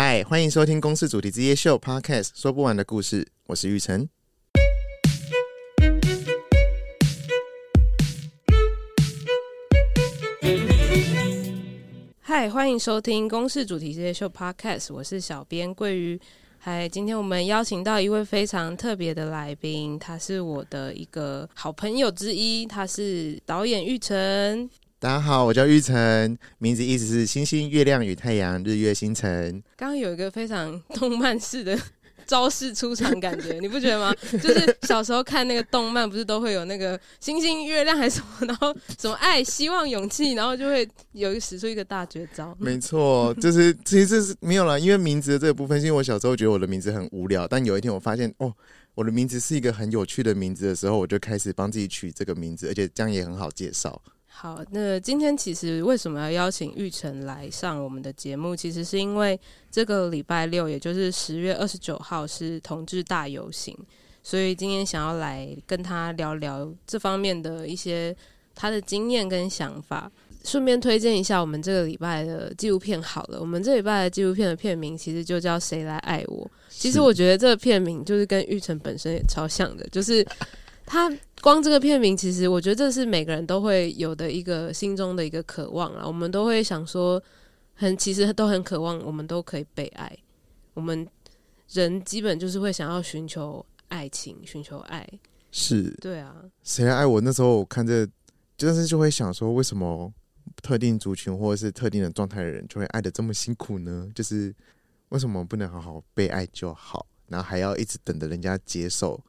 嗨，歡迎收聽《公視主題之夜秀》Podcast，說不完的故事。我是昱辰。嗨，歡迎收聽《公視主題之夜秀》Podcast，我是小編桂瑜。嗨，今天我們邀請到一位非常特別的來賓，他是我的一個好朋友之一，他是導演昱辰。大家好，我叫昱辰，名字意思是星星、月亮與太陽，日月星辰。剛剛有一個非常動漫式的招式出場，感覺 你不覺得嗎？就是小時候看那個動漫，不是都會有那個星星、月亮還是什麼，然後什麼愛、希望、勇氣，然後就會有一個使出一個大絕招。沒錯，就是其實是沒有啦，因為名字的這個部分，因為我小時候覺得我的名字很無聊，但有一天我發現哦，我的名字是一個很有趣的名字的時候，我就開始幫自己取這個名字，而且這樣也很好介紹。好，那今天其實為什麼要邀請昱辰來上我們的節目？其實是因為這個禮拜六，也就是十月二十九號是同志大遊行，所以今天想要來跟他聊聊這方面的一些他的經驗跟想法。順便推薦一下我們這個禮拜的紀錄片，好了，我們這禮拜的紀錄片的片名其實就叫《誰來愛我》。其實我覺得這個片名就是跟昱辰本身也超像的，就是他。光這個片名，其實我覺得這是每個人都會有的一個心中的一個渴望啊，我們都會想說很，很其實都很渴望，我們都可以被愛。我們人基本就是會想要尋求愛情，尋求愛。是，對啊。誰愛我？那時候我看這個，就是就會想說，為什麼特定族群或者是特定的狀態的人，就會愛得這麼辛苦呢？就是為什麼不能好好被愛就好，然後還要一直等着人家接受？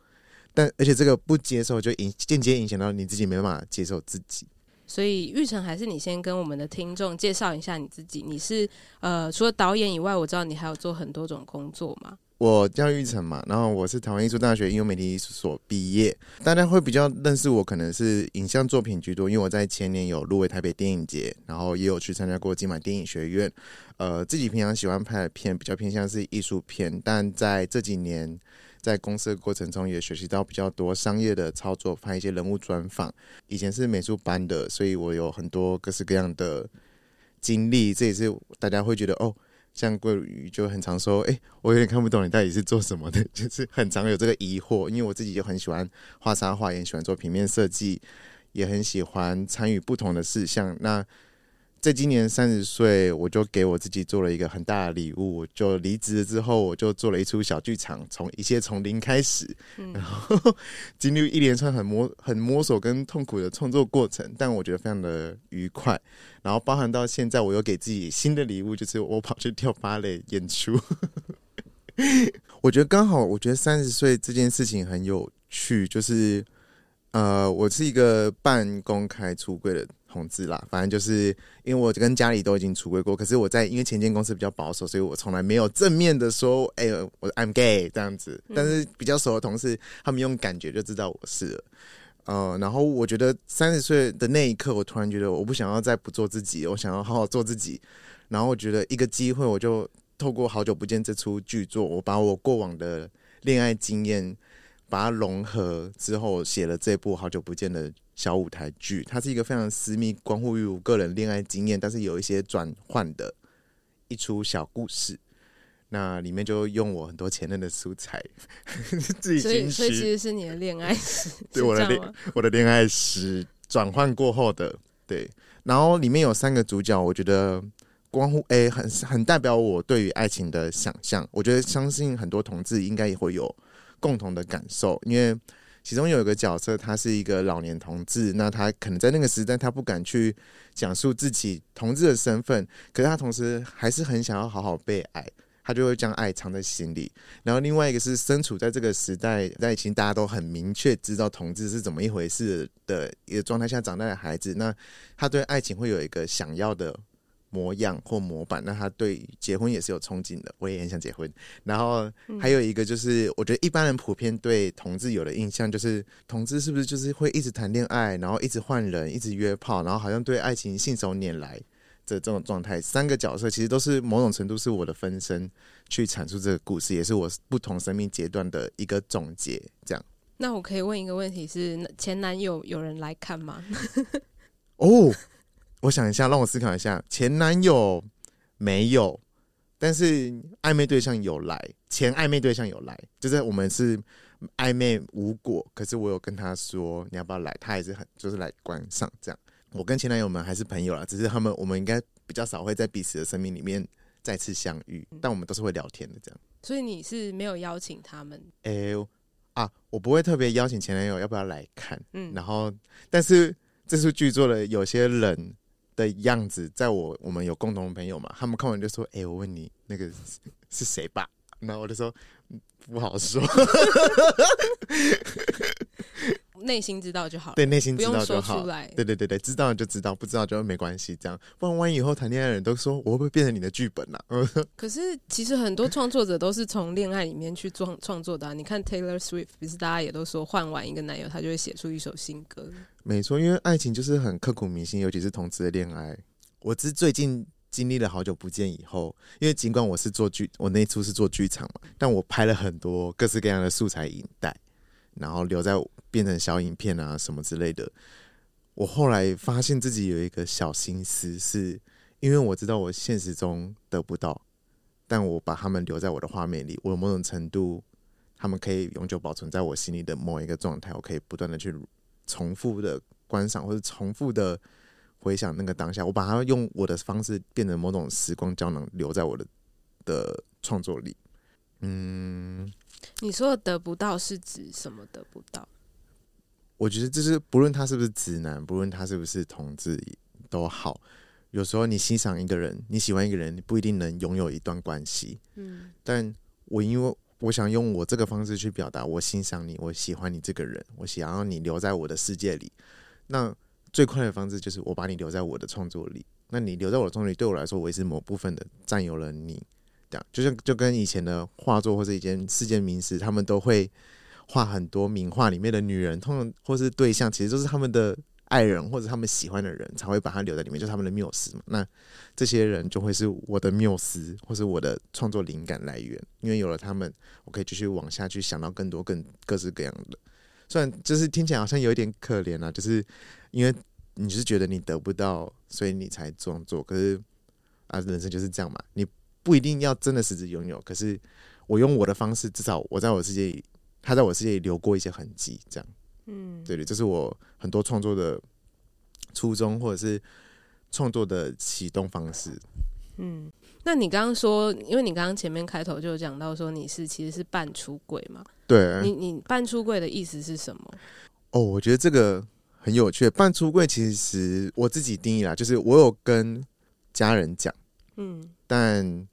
但而且這個不接受就，就影間接影響到你自己沒辦法接受自己。所以昱辰還是你先跟我們的聽眾介紹一下你自己。你是呃除了導演以外，我知道你還有做很多種工作嘛？我叫昱辰嘛，然後我是台灣藝術大學應用媒體藝術所畢業。大家會比較認識我，可能是影像作品居多，因為我在前年有入圍台北電影節，然後也有去參加過金馬電影學院。呃，自己平常喜歡拍的片比較偏向是藝術片，但在這幾年。在公司的過程中，也學習到比較多商業的操作，拍一些人物專訪。以前是美術班的，所以我有很多各式各樣的經歷。這也是大家會覺得哦，像桂瑜就很常說，誒、欸，我有點看不懂你到底是做什麼的，就是很常有這個疑惑。因為我自己就很喜歡畫插畫，也喜歡做平面設計，也很喜歡參與不同的事項。那在今年三十歲，我就給我自己做了一個很大的禮物。就離職了之後，我就做了一出小劇場，從一切從零開始，嗯、然後經歷一連串很摸、很摸索跟痛苦的創作過程，但我覺得非常的愉快。然後包含到現在，我又給自己新的禮物，就是我跑去跳芭蕾演出。 我覺得剛好，我覺得三十歲這件事情很有趣，就是呃，我是一個半公開出櫃的。同志啦，反正就是因為我跟家裡都已經出櫃過，可是我在因為前間公司比較保守，所以我從來沒有正面的說，哎呦，我 I'm gay 這樣子。但是比較熟的同事，他們用感覺就知道我是了。呃，然後我覺得三十歲的那一刻，我突然覺得我不想要再不做自己，我想要好好做自己。然後我覺得一個機會，我就透過好久不見這出劇作，我把我過往的戀愛經驗。把它融合之後，寫了這部《好久不見》的小舞台劇。它是一個非常私密、關乎於我個人戀愛經驗，但是有一些轉換的一出小故事。那裡面就用我很多前任的素材，呵呵所以所以其實是你的戀愛史？對我的戀我的戀愛史轉換過後的對。然後裡面有三個主角，我覺得關乎 A、欸、很很代表我對於愛情的想象我覺得相信很多同志應該也會有共同的感受，因為其中有一個角色，他是一個老年同志，那他可能在那個時代，他不敢去講述自己同志的身份，可是他同時還是很想要好好被愛，他就會將愛藏在心裡。然後另外一個是身處在這個時代，在以前大家都很明確知道同志是怎麼一回事的一個狀態下長大的孩子，那他對愛情會有一個想要的。模樣或模板，那他對結婚也是有憧憬的。我也很想結婚。然後還有一個就是，嗯、我覺得一般人普遍對同志有的印象就是，同志是不是就是會一直談戀愛，然後一直換人，一直約炮，然後好像對愛情信手拈來這這種狀態。三個角色其實都是某種程度是我的分身，去闡述這個故事，也是我不同生命階段的一個總結。這樣。那我可以問一個問題是：是前男友有人來看嗎？哦、 oh!。我想一下，讓我思考一下。前男友沒有，但是曖昧對象有來，前曖昧對象有來，就是我們是曖昧無果，可是我有跟他說你要不要來，他也是很就是來觀賞這樣。我跟前男友們還是朋友啦，只是他們我們應該比較少會在彼此的生命裡面再次相遇，但我們都是會聊天的這樣。所以你是沒有邀請他們？哎、欸、呦啊，我不會特別邀請前男友要不要來看，嗯，然後但是這是劇作的有些人。的樣子，在我我們有共同朋友嘛，他們看完就說：“哎、欸，我問你那個是誰吧？”然後我就說：“不好說。 ” 內心知道就好，對，內心知道就好，不用說出來。對對對對，知道就知道，不知道就沒關係，這樣，不然萬一以後談戀愛的人都說，我會不會變成你的劇本啊？ 可是其實很多創作者都是從戀愛裡面去創創作的啊，你看 Taylor Swift 不是大家也都說，換完一個男友他就會寫出一首新歌？沒錯，因為愛情就是很刻骨銘心，尤其是同志的戀愛。我最近經歷了好久不見以後，因為儘管我是做劇，我那一出是做劇場嘛，但我拍了很多各式各樣的素材影帶。然後留在變成小影片啊什麼之類的。我後來發現自己有一個小心思，是因為我知道我現實中得不到，但我把他們留在我的畫面裡，我有某種程度，他們可以永久保存在我心裡的某一個狀態，我可以不斷的去重複的觀賞，或者重複的回想那個當下。我把它用我的方式變成某種時光膠囊，留在我的的創作裡。嗯。你說得不到是指什麼得不到？我覺得就是不論他是不是直男，不論他是不是同志都好。有時候你欣賞一個人，你喜歡一個人，你不一定能擁有一段關係。嗯，但我因為我想用我這個方式去表達，我欣賞你，我喜歡你這個人，我想要你留在我的世界裡。那最快的方式就是我把你留在我的創作裡。那你留在我的創作裡，對我來說，我也是某部分的占有了你。就像就跟以前的畫作或者以前世界名師，他們都會畫很多名畫裡面的女人，通常或是對象，其實就是他們的愛人或者他們喜歡的人，才會把他留在裡面，就是他們的繆斯嘛。那這些人就會是我的繆斯，或是我的創作靈感來源。因為有了他們，我可以繼續往下去想到更多更各式各樣的。雖然就是聽起來好像有一點可憐啊，就是因為你是覺得你得不到，所以你才裝作。可是啊，人生就是這樣嘛，你。不一定要真的實質擁有，可是我用我的方式，至少我在我世界裡，他在我世界裡留過一些痕跡，這樣，嗯，對對，這、就是我很多創作的初衷，或者是創作的啟動方式。嗯，那你剛剛說，因為你剛剛前面開頭就講到說你是其實是半出櫃嘛？對，你你半出櫃的意思是什麼？哦，我覺得這個很有趣，半出櫃其實我自己定義啦，就是我有跟家人講，嗯。但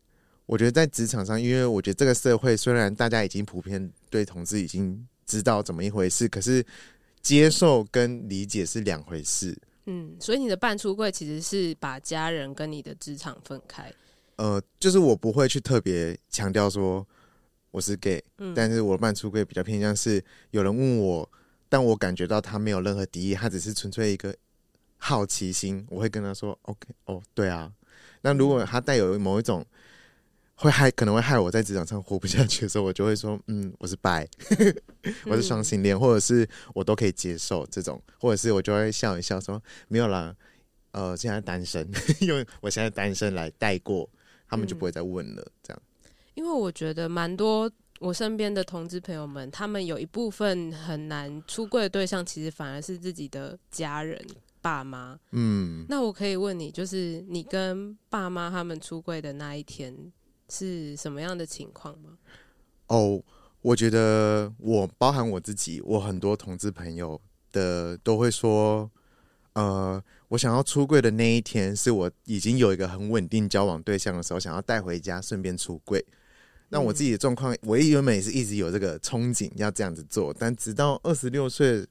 我覺得在職場上，因為我覺得這個社會雖然大家已經普遍對同志已經知道怎麼一回事，可是接受跟理解是兩回事。嗯，所以你的半出櫃其實是把家人跟你的職場分開。呃，就是我不會去特別強調說我是 gay，嗯，但是我半出櫃比較偏向是有人問我，但我感覺到他沒有任何敵意，他只是純粹一個好奇心，我會跟他說 OK，哦，對啊。那如果他帶有某一種會害，可能會害我在職場上活不下去的時候，我就會說，嗯，我是 Bi，呵呵，我是雙性戀，或者是我都可以接受這種，或者是我就會笑一笑說沒有啦。呃，現在單身，用我現在單身來帶過，嗯，他們就不會再問了，這樣。因為我覺得蠻多我身邊的同志朋友們，他們有一部分很難出櫃的對象，其實反而是自己的家人。爸媽，嗯，那我可以問你，就是你跟爸媽他們出櫃的那一天是什麼樣的情況嗎？哦，我覺得我包含我自己，我很多同志朋友的都會說，呃，我想要出櫃的那一天是我已經有一個很穩定交往對象的時候，想要帶回家順便出櫃。那我自己的狀況，我原本也是一直有這個憧憬要這樣子做，但直到二十六歲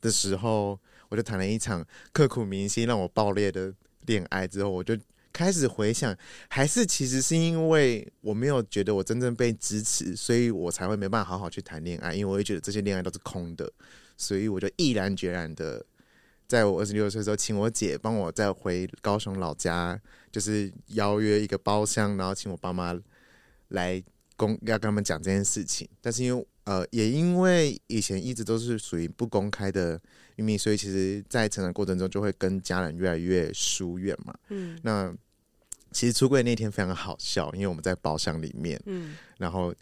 的時候。我就談了一場刻骨銘心讓我爆裂的戀愛之後，我就開始回想，還是其實是因為我沒有覺得我真正被支持，所以我才會沒辦法好好去談戀愛，因為我會覺得這些戀愛都是空的，所以我就毅然決然的，在我二十六歲的時候，請我姐幫我再回高雄老家，就是邀約一個包廂，然後請我爸媽來公，要跟他們講這件事情，但是因為。呃，也因為以前一直都是屬於不公開的秘密，所以其實，在成長過程中就會跟家人越來越疏遠嘛。嗯，那其實出櫃那天非常好笑，因為我們在包廂裡面，嗯、然後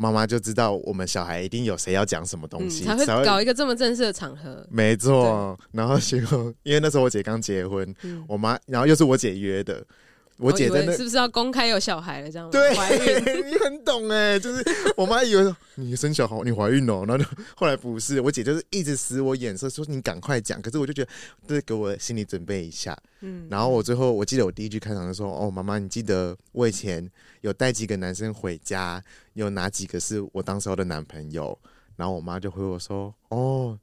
媽媽就知道我們小孩一定有誰要講什麼東西，嗯，才會搞一個這麼正式的場合。沒錯，然後結果因為那時候我姐剛結婚，嗯，我媽，然後又是我姐約的。我姐真的是不是要公開有小孩了？這樣對， 你很懂哎，欸，就是我媽以為說你生小孩，你懷孕了？喔，然後就後來不是，我姐就是一直使我眼色，說你趕快講。可是我就覺得，這是給我心理準備一下。嗯，然後我最後我記得我第一句開場就說：“哦，媽媽，你記得我以前有帶幾個男生回家，有哪幾個是我當時候的男朋友？”然後我媽就回我說：“哦。”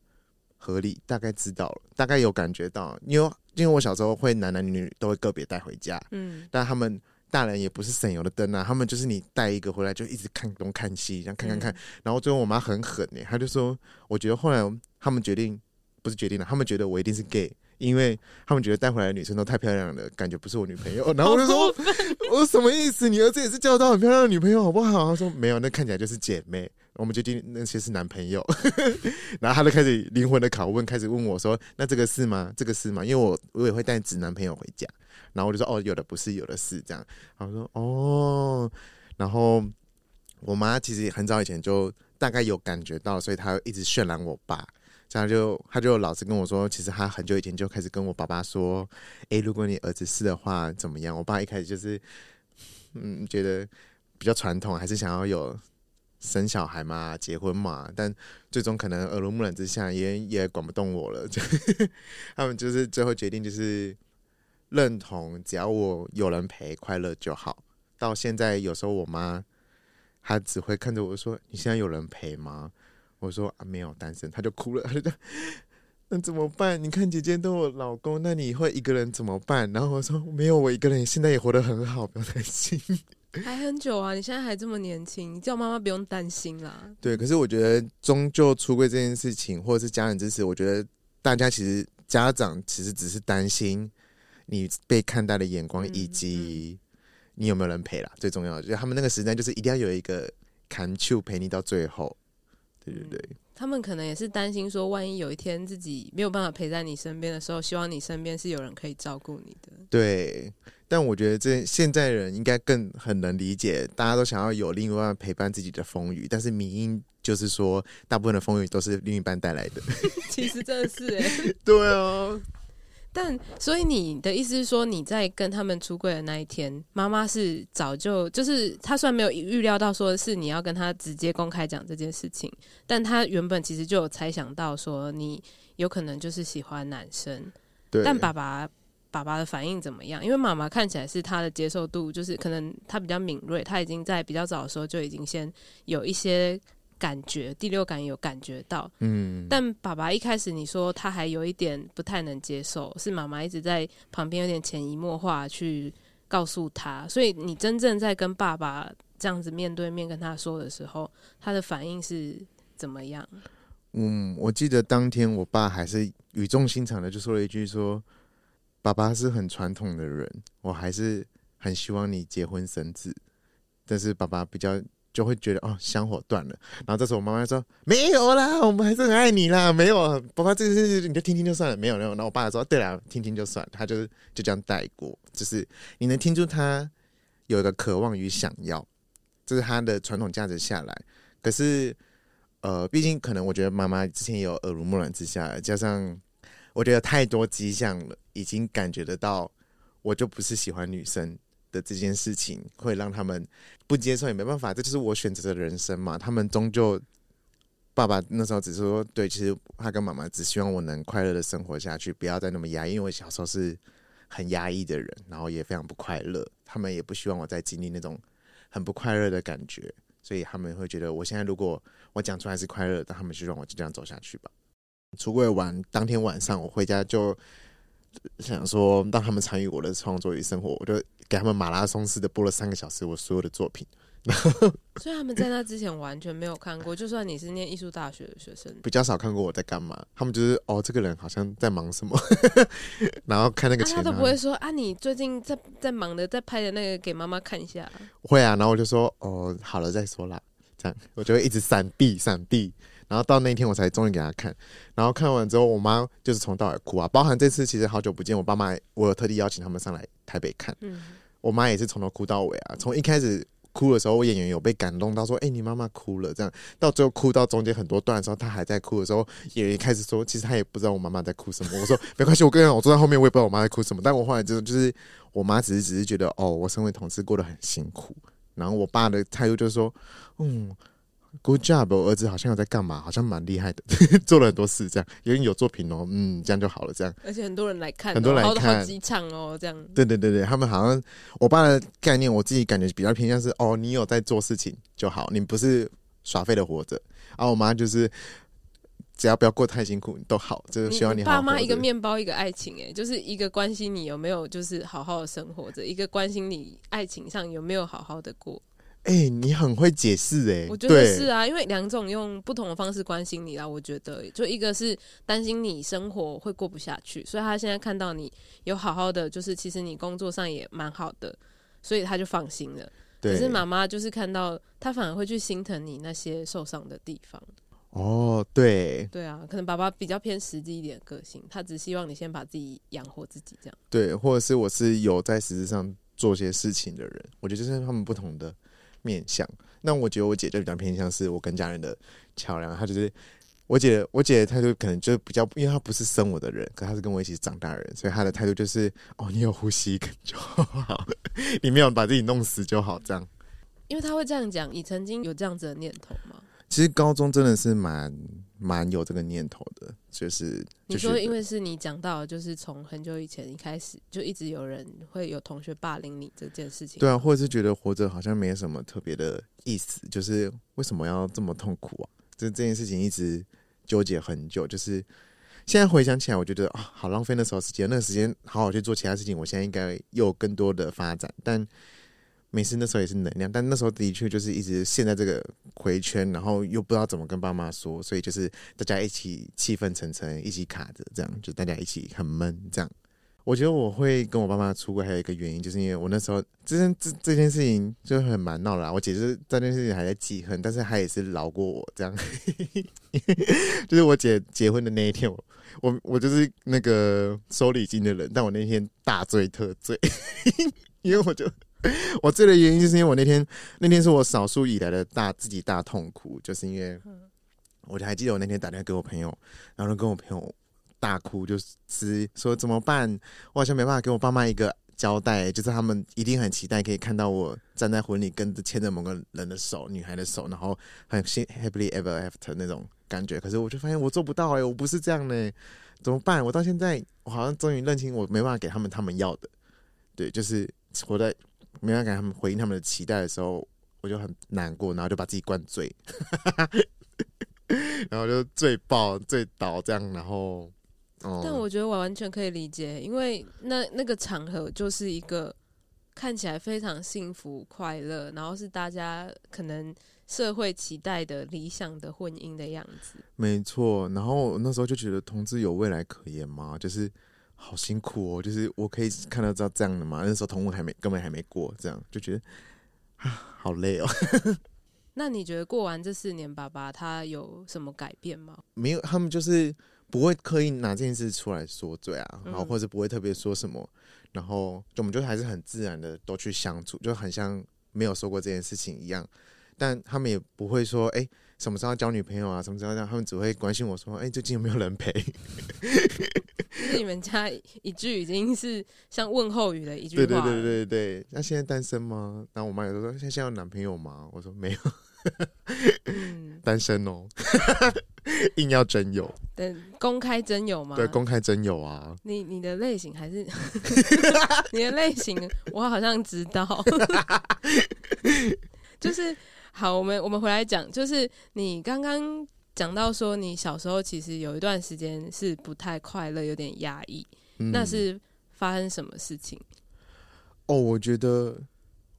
合理，大概知道了，大概有感覺到，因為因為我小時候會男男女女都會個別帶回家，嗯，但他們大人也不是省油的燈啊，他們就是你帶一個回來就一直看東看西，這樣看看看，嗯、然後最後我媽很狠呢、欸，她就說，我覺得後來他們決定不是決定了，他們覺得我一定是 gay，因為他們覺得帶回來的女生都太漂亮了，感覺不是我女朋友，然後我就說，我說什麼意思？你兒子也是交到很漂亮的女朋友好不好？他說沒有，那看起來就是姐妹。我們決定那些是男朋友， 然後他就開始靈魂的拷問，開始問我說：“那這個是嗎？這個是嗎？”因為我我也會帶直男朋友回家，然後我就說：“哦，有的不是，有的是。”這樣，他說：“哦。”然後我媽其實很早以前就大概有感覺到，所以她一直渲染我爸，這樣就他就老是跟我說：“其實他很久以前就開始跟我爸爸說，哎、欸，如果你兒子是的話，怎麼樣？”我爸一開始就是嗯，覺得比較傳統，還是想要有。生小孩嘛，結婚嘛，但最終可能耳濡目染之下也，也也管不動我了。就他們就是最後決定，就是認同，只要我有人陪，快樂就好。到現在，有時候我媽她只會看着我說：“你現在有人陪嗎？”我說：“啊，沒有，單身。”她就哭了。她說：“那怎麼辦？你看姐姐都有老公，那你會一個人怎麼辦？”然後我說：“沒有，我一個人現在也活得很好，不用擔心。”還很久啊！你現在還這麼年輕，你叫媽媽不用擔心啦。對，可是我覺得，終究出櫃這件事情，或者是家人支持，我覺得大家其實家長其實只是擔心你被看待的眼光，嗯、以及你有沒有人陪啦、嗯。最重要的，就是他們那個時代，就是一定要有一個 can you 陪你到最後，對對對。嗯、他們可能也是擔心說，萬一有一天自己沒有辦法陪在你身邊的時候，希望你身邊是有人可以照顧你的。對。但我覺得這現在人應該更很能理解，大家都想要有另外一半陪伴自己的風雨。但是明諺就是說，大部分的風雨都是另一半帶來的 。其實這是哎、欸 ，對哦 。但所以你的意思是說，你在跟他們出櫃的那一天，媽媽是早就就是他雖然沒有預料到說是你要跟他直接公開講這件事情，但他原本其實就有猜想到說你有可能就是喜歡男生。對。但爸爸。爸爸的反應怎麼樣？因為媽媽看起來是他的接受度，就是可能他比較敏銳，他已經在比較早的時候就已經先有一些感覺，第六感有感覺到。嗯，但爸爸一開始你說他還有一點不太能接受，是媽媽一直在旁邊有點潛移默化去告訴他。所以你真正在跟爸爸這樣子面對面跟他說的時候，他的反應是怎麼樣？嗯，我記得當天我爸還是語重心長的就說了一句說，爸爸是很傳統的人，我還是很希望你結婚生子，但是爸爸比較就會覺得哦，香火斷了。然後這時候我媽媽就說沒有啦，我們還是很愛你啦，沒有，爸爸這這這你就聽聽就算了，沒有。那然後我爸說對啦，聽聽就算了。他就是就這樣帶過，就是你能聽出他有一個渴望與想要，這，就是他的傳統價值下來，可是呃，畢竟可能我覺得媽媽之前也有耳濡目染之下，加上。我覺得太多跡象了，已經感覺得到，我就不是喜歡女生的這件事情，會讓他們不接受也沒辦法，這就是我選擇的人生嘛。他們終究，爸爸那時候只是說，對，其實他跟媽媽只希望我能快樂的生活下去，不要再那麼壓抑。因為我小時候是很壓抑的人，然後也非常不快樂，他們也不希望我再經歷那種很不快樂的感覺，所以他們會覺得，我現在如果我講出來是快樂，那他們就讓我就這樣走下去吧。出櫃完當天晚上，我回家就想說讓他們參與我的創作與生活，我就給他們馬拉松式的播了三個小時我所有的作品然後，所以他們在那之前完全沒有看過， 就算你是念藝術大學的學生，比較少看過我在幹嘛。他們就是哦，這個人好像在忙什麼， 然後看那個錢，啊、他都不會說啊，你最近在在忙的，在拍的那個給媽媽看一下。會啊，然後我就說哦、呃，好了，再說啦。這樣我就會一直閃避，閃避。然後到那天我才終於給他看，然後看完之後，我媽就是從頭哭到尾啊。包含這次其實好久不見，我爸媽我有特地邀請他們上來台北看，嗯、我媽也是從頭哭到尾啊。從一開始哭的時候，我演員有被感動，到，說：“哎、欸，你媽媽哭了。”這樣到最後哭到中間很多段的時候，她還在哭的時候，演員開始說：“其實她也不知道我媽媽在哭什麼。 ”我說：“沒關係，我個人我坐在後面，我也不知道我媽在哭什麼。”但我後來就就是，我媽只是只是覺得哦，我身為同志過得很辛苦。然後我爸的態度就是說：“嗯。” Good job！我兒子好像有在幹嘛，好像蠻厲害的， 做了很多事，這樣，因為有作品哦、喔，嗯，這樣就好了，這樣。而且很多人來看、喔，很多人來看，好幾場哦、喔，這樣。對對對對，他們好像我爸的概念，我自己感覺比較偏向是哦、喔，你有在做事情就好，你不是耍廢的活着。然、啊、後我媽就是，只要不要過太辛苦都好，就是希望你，好好你，你爸媽一個麵包一個愛情、欸，誒，就是一個關心你有沒有就是好好的生活着，一個關心你愛情上有沒有好好的過。哎、欸，你很會解釋哎、欸，我覺得是啊，對因為兩種用不同的方式關心你啦、啊。我覺得，就一個是擔心你生活會過不下去，所以他現在看到你有好好的，就是其實你工作上也蠻好的，所以他就放心了。對，可是媽媽就是看到他反而會去心疼你那些受傷的地方。哦，對，對啊，可能爸爸比較偏實際一點個性，他只希望你先把自己養活自己這樣。對，或者是我是有在實質上做些事情的人，我覺得就是他們不同的面向。那，我覺得我姐就比較偏向是我跟家人的橋樑。她就是我姐，我姐的態度可能就比較，因為她不是生我的人，可是她是跟我一起長大的人，所以她的態度就是：哦，你有呼吸就好， 你沒有把自己弄死就好，這樣。因為她會這樣講，你曾經有這樣子的念頭嗎？其實高中真的是蠻。蠻有這個念頭的，就是你說，因為是你講到，就是從很久以前一開始就一直有人會有同學霸凌你這件事情，對啊，或者是覺得活着好像沒什麼特別的意思，就是為什麼要這麼痛苦啊？這這件事情一直糾結很久，就是現在回想起來，我覺得啊，好浪費那時候時間，那時間好好去做其他事情，我現在應該有更多的發展，但。沒事，那時候也是能量，但那時候的確就是一直陷在這個回圈，然後又不知道怎麼跟爸媽說，所以就是大家一起氣氛沉沉，一起卡着這樣，就大家一起很悶這樣。我覺得我會跟我爸媽出櫃還有一個原因，就是因為我那時候這件這這件事情就很蠻鬧啦，我姐就是這件事情還在記恨，但是她也是饒過我這樣。 就是我姐結婚的那一天我，我我我就是那個收禮金的人，但我那天大醉特醉， 因為我就。 我醉的原因就是因為我那天那天是我少數以來的大自己大痛苦，就是因為我還記得我那天打電話給我朋友，然後跟我朋友大哭，就是說怎麼辦？我好像沒辦法給我爸媽一個交代，就是他們一定很期待可以看到我站在婚禮跟著牽着某個人的手，女孩的手，然後很心 happily ever after 那種感覺。可是我就發現我做不到哎、欸，我不是這樣呢、欸，怎麼辦？我到現在我好像終於認清我沒辦法給他們他們要的，對，就是活在。沒法給他們回應他們的期待的時候，我就很難過，然後就把自己灌醉， 然後就醉爆、醉倒這樣，然後、嗯。但我覺得我完全可以理解，因為那那個場合就是一個看起來非常幸福快樂，然後是大家可能社會期待的理想的婚姻的樣子。沒錯，然後那時候就覺得同志有未來可言嗎？就是。好辛苦哦，就是我可以看得到這樣的嘛、嗯，那時候同婚還沒根本還沒過，這樣就覺得啊好累哦。 那你覺得過完這四年，爸爸他有什麼改變嗎？沒有，他們就是不會刻意拿這件事出來說罪啊，嗯、然後或者不會特別說什麼，嗯、然後就我們就還是很自然的都去相處，就很像沒有說過這件事情一樣。但他們也不會說哎。欸什麼時候交女朋友啊？什麼時候這樣？他們只會關心我說：“哎、欸，最近有沒有人陪？”其實你們家一句已經是像問候語的一句話了。對對對對對。那、啊、現在單身嗎？然後我媽有時候說：“現在有男朋友嗎？”我說：“沒有。 ”單身哦、喔， 硬要真有？對，公開真有嗎？對，公開真有啊。你你的類型還是？ 你的類型，我好像知道， 就是。好，我們我們回來講，就是你剛剛講到說，你小時候其實有一段時間是不太快樂，有點壓抑。嗯，那是發生什麼事情？哦，我覺得，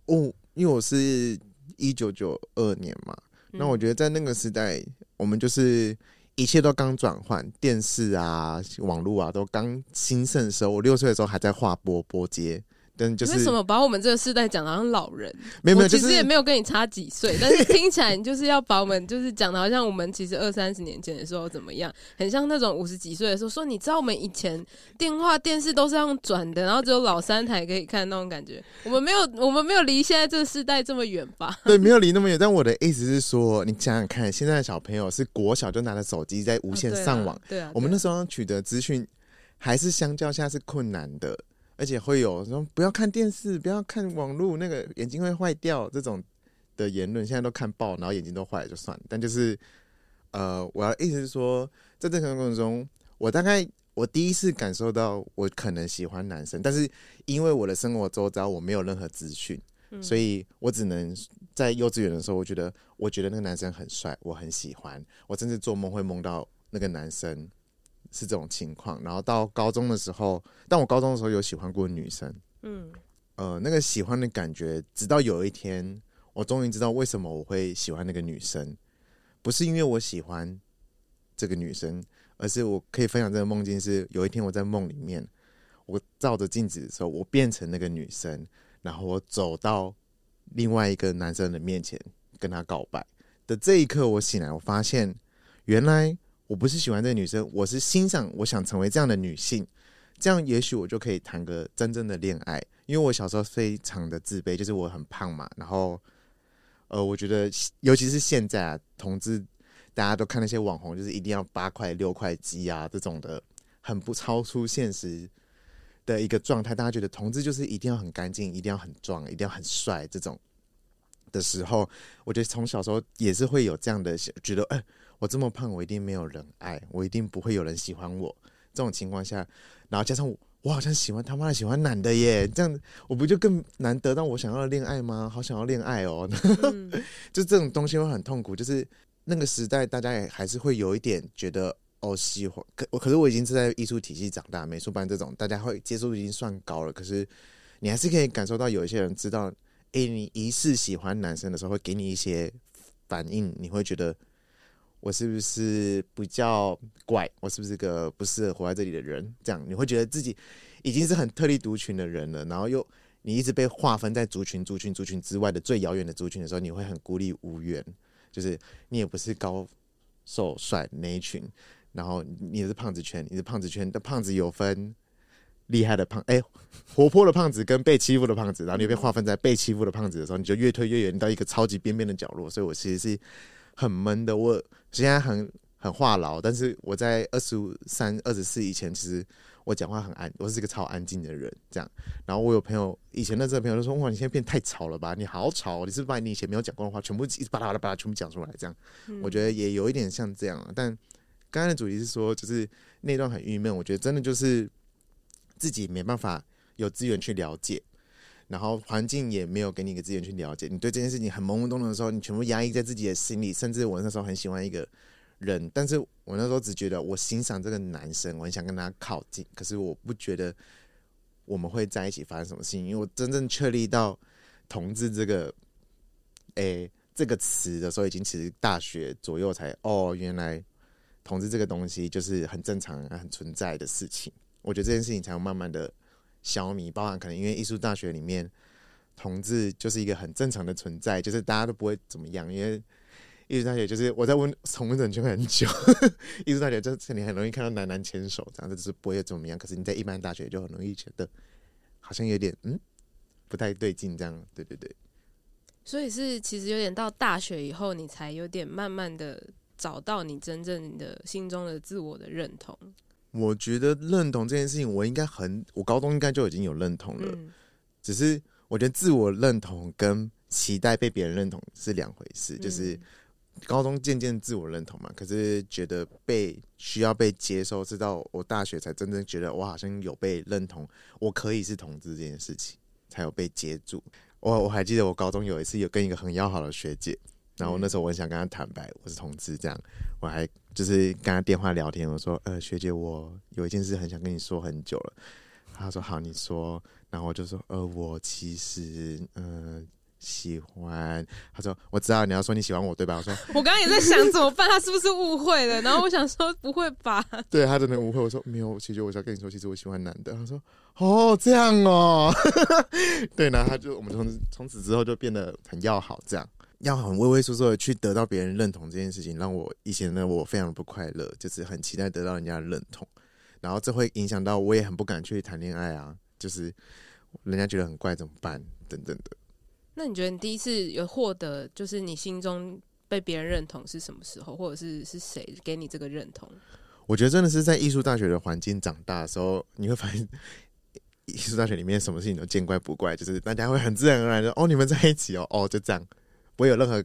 哦，因為我是一九九二年嘛。嗯，那我覺得在那個時代，我們就是一切都剛轉換，電視啊、網絡啊都剛興盛的時候，我六歲的時候還在畫波波街。就是、為什麼把我們這個世代講得像老人？沒有，沒有，其實也沒有跟你差幾歲，就是，但是聽起來你就是要把我們就是講得，好像我們其實二三十年前的時候怎麼樣，很像那種五十幾歲的時候。說，你知道我們以前電話、電視都是用轉的，然後只有老三台可以看那種感覺。我們沒有，我們沒有離現在這個世代這麼遠吧？對，沒有離那麼遠。但我的意思是說，你想想看，現在的小朋友是國小就拿着手機在無線上網，啊、對啊、啊對、啊對啊，我們那時候取得資訊還是相較下是困難的。而且會有什麼？不要看電視，不要看網絡，那個眼睛會壞掉。這種的言論現在都看爆，然後眼睛都壞了就算了。但就是，呃，我要意思是說，在這個過程中，我大概我第一次感受到我可能喜歡男生，但是因為我的生活周遭我沒有任何資訊、嗯，所以我只能在幼稚園的時候，我覺得我覺得那個男生很帥，我很喜歡，我甚至做夢會夢到那個男生。是這種情況，然後到高中的時候，但我高中的時候有喜歡過女生，嗯，呃，那個喜歡的感覺，直到有一天，我終於知道為什麼我會喜歡那個女生，不是因為我喜歡這個女生，而是我可以分享這個夢境是，有一天我在夢裡面，我照着鏡子的時候，我變成那個女生，然後我走到另外一個男生的面前，跟他告白的這一刻，我醒來，我發現原來。我不是喜歡這個女生，我是欣賞。我想成為這樣的女性，這樣也許我就可以談個真正的戀愛。因為我小時候非常的自卑，就是我很胖嘛。然後，呃，我覺得，尤其是現在啊，同志大家都看那些網紅，就是一定要八塊、六塊肌啊這種的，很不超出現實的一個狀態。大家覺得同志就是一定要很乾淨，一定要很壯，一定要很帥這種的時候，我覺得從小時候也是會有這樣的覺得，嗯、呃。我這麼胖，我一定沒有人愛，我一定不會有人喜歡我。這種情況下，然後加上我，我好像喜歡他媽的喜歡男的耶，嗯、這樣我不就更難得到我想要的戀愛嗎？好想要戀愛哦、 嗯，就這種東西會很痛苦。就是那個時代，大家也還是會有一點覺得哦喜歡，可我可是我已經是在藝術體系長大，美術班這種大家會接受度已經算高了。可是你還是可以感受到有一些人知道，誒、欸，你疑似喜歡男生的時候會給你一些反應，你會覺得。我是不是比較怪？我是不是個不適合活在這裡的人？這樣你會覺得自己已經是很特立獨群的人了。然後又你一直被劃分在族群、族群、族群之外的最遙遠的族群的時候，你會很孤立無援。就是你也不是高瘦帥那一群，然後你也是胖子圈，你是胖子圈，但的胖子有分厲害的胖，哎、欸，活潑的胖子跟被欺負的胖子。然後你被劃分在被欺負的胖子的時候，你就越推越遠，到一個超級邊邊的角落。所以我其實是。很悶的，我現在很很話癆，但是我在二十五三、二十四以前，其實我講話很安，我是一個超安靜的人，這樣。然後我有朋友，以前的這個朋友都說：“哇，你現在變太吵了吧？你好吵，你是不是把你以前沒有講過的話，全部一直巴拉巴拉全部講出來，這樣。嗯”我覺得也有一點像這樣啊。但剛剛的主題是說，就是那段很鬱悶，我覺得真的就是自己沒辦法有資源去了解。然後環境也沒有給你一個資源去了解，你對這件事情很懵懵懂懂的時候，你全部壓抑在自己的心裡。甚至我那時候很喜歡一個人，但是我那時候只覺得我欣賞這個男生，我很想跟他靠近。可是我不覺得我們會在一起發生什麼事情，因為我真正確立到“同志”這個誒、欸、這個詞的時候，已經其實大學左右才哦，原來同志這個東西就是很正常、啊、很存在的事情。我覺得這件事情才會慢慢的。小米，包含可能因為藝術大學裡面同志就是一個很正常的存在，就是大家都不會怎麼樣，因為藝術大學就是我在問同性圈很久，藝 術大學就是你很容易看到男男牽手這樣，就是不會怎麼樣。可是你在一般大學，就很容易覺得好像有點嗯不太對勁這樣，對對對。所以是其實有點到大學以後，你才有點慢慢的找到你真正你的心中的自我的認同。我覺得認同這件事情，我應該很，我高中應該就已經有認同了，嗯，只是我覺得自我認同跟期待被別人認同是兩回事，嗯。就是高中漸漸自我認同嘛，可是覺得被需要被接受，直到我大學才真正覺得我好像有被認同，我可以是同志這件事情才有被接住。我我還記得我高中有一次有跟一個很要好的學姐。然後那時候我很想跟他坦白我是同志，這樣我還就是跟他電話聊天，我說呃學姐，我有一件事很想跟你說很久了，他說，好你說。然後我就說呃我其實呃喜歡，他說，我知道你要說你喜歡我對吧？我說我剛剛也在想怎麼辦， 他是不是誤會了？然後我想說不會吧，對他真的誤會，我說沒有，其實我想跟你說，其實我喜歡男的。他說哦這樣哦， 對，然後他就我們從從此之後就變得很要好，這樣。要很畏畏縮縮的去得到別人認同這件事情，讓我以前呢，我非常的不快樂，就是很期待得到人家的認同，然後這會影響到我也很不敢去談戀愛啊，就是人家覺得很怪怎麼辦等等的。那你覺得你第一次有獲得就是你心中被別人認同是什麼時候，或者是是誰給你這個認同？我覺得真的是在藝術大學的環境長大的時候，你會發現藝術大學裡面什麼事情都見怪不怪，就是大家會很自然而然的，哦你們在一起哦，哦就這樣。不會有任何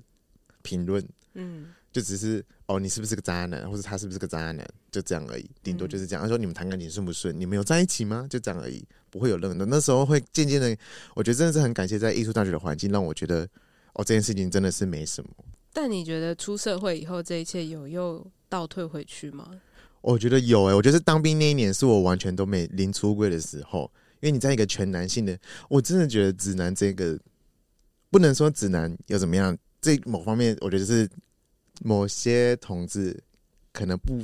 評論，嗯，就只是哦，你是不是個渣男，或者他是不是個渣男，就這樣而已，頂多就是這樣。他、嗯、說你們談感情順不順？你們有在一起嗎？就這樣而已，不會有任何。那時候會漸漸的，我覺得真的是很感謝在藝術大學的環境，讓我覺得哦，這件事情真的是沒什麼。但你覺得出社會以後，這一切有又倒退回去嗎？我覺得有誒、欸，我覺得當兵那一年是我完全都沒臨出櫃的時候，因為你在一個全男性的，我真的覺得直男這個。不能說直男又怎麼樣？這某方面，我覺得是某些同志可能不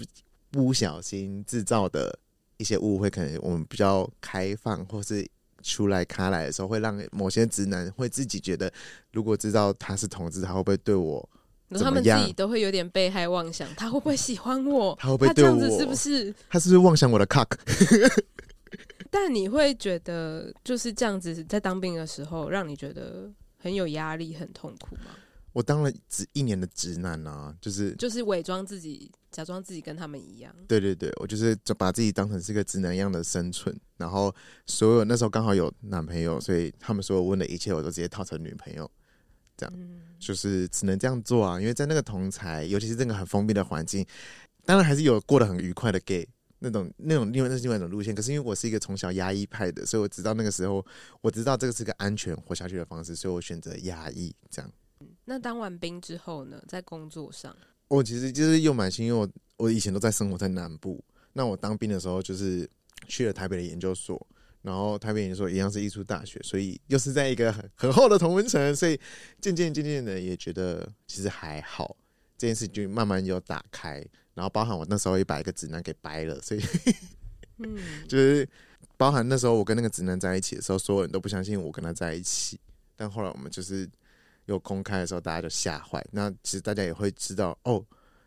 不小心制造的一些誤會。可能我們比較開放，或是出來卡來的時候，會讓某些直男會自己覺得，如果知道他是同志，他會不會對我？那他們自己都會有點被害妄想，他會不會喜歡我？他會不會對我這樣子？是不是他是不是妄想我的 cock？ 但你會覺得就是這樣子，在當兵的時候，讓你覺得。很有壓力，很痛苦嗎？我當了只一年的直男啊，就是就是偽裝自己，假裝自己跟他們一樣。對對對，我就是就把自己當成是個直男一樣的生存。然後所有那時候剛好有男朋友，所以他們所有問的一切我都直接套成女朋友。這樣、嗯、就是只能這樣做啊，因為在那個同儕，尤其是那個很封閉的環境，當然還是有過得很愉快的 gay。那種那種另外那是另外一種路線，可是因為我是一個從小壓抑派的，所以我直到那個時候，我知道這個是個安全活下去的方式，所以我選擇壓抑。這樣，那當完兵之後呢，在工作上，我其實就是又蠻幸運，因為我我以前都在生活在南部，那我當兵的時候就是去了台北的研究所，然後台北研究所一樣是藝術大學，所以又是在一個很，很厚的同溫層，所以漸漸漸漸的也覺得其實還好。電視劇慢慢有打開，然後包含我那時候也把一個直男給掰了，所以、嗯、 就是包含那時候我跟那個直男在一起的時候，所有人都不相信我跟他在一起，但後來我們就是有公開的時候，大家就嚇壞。那其實大家也會知道，哦，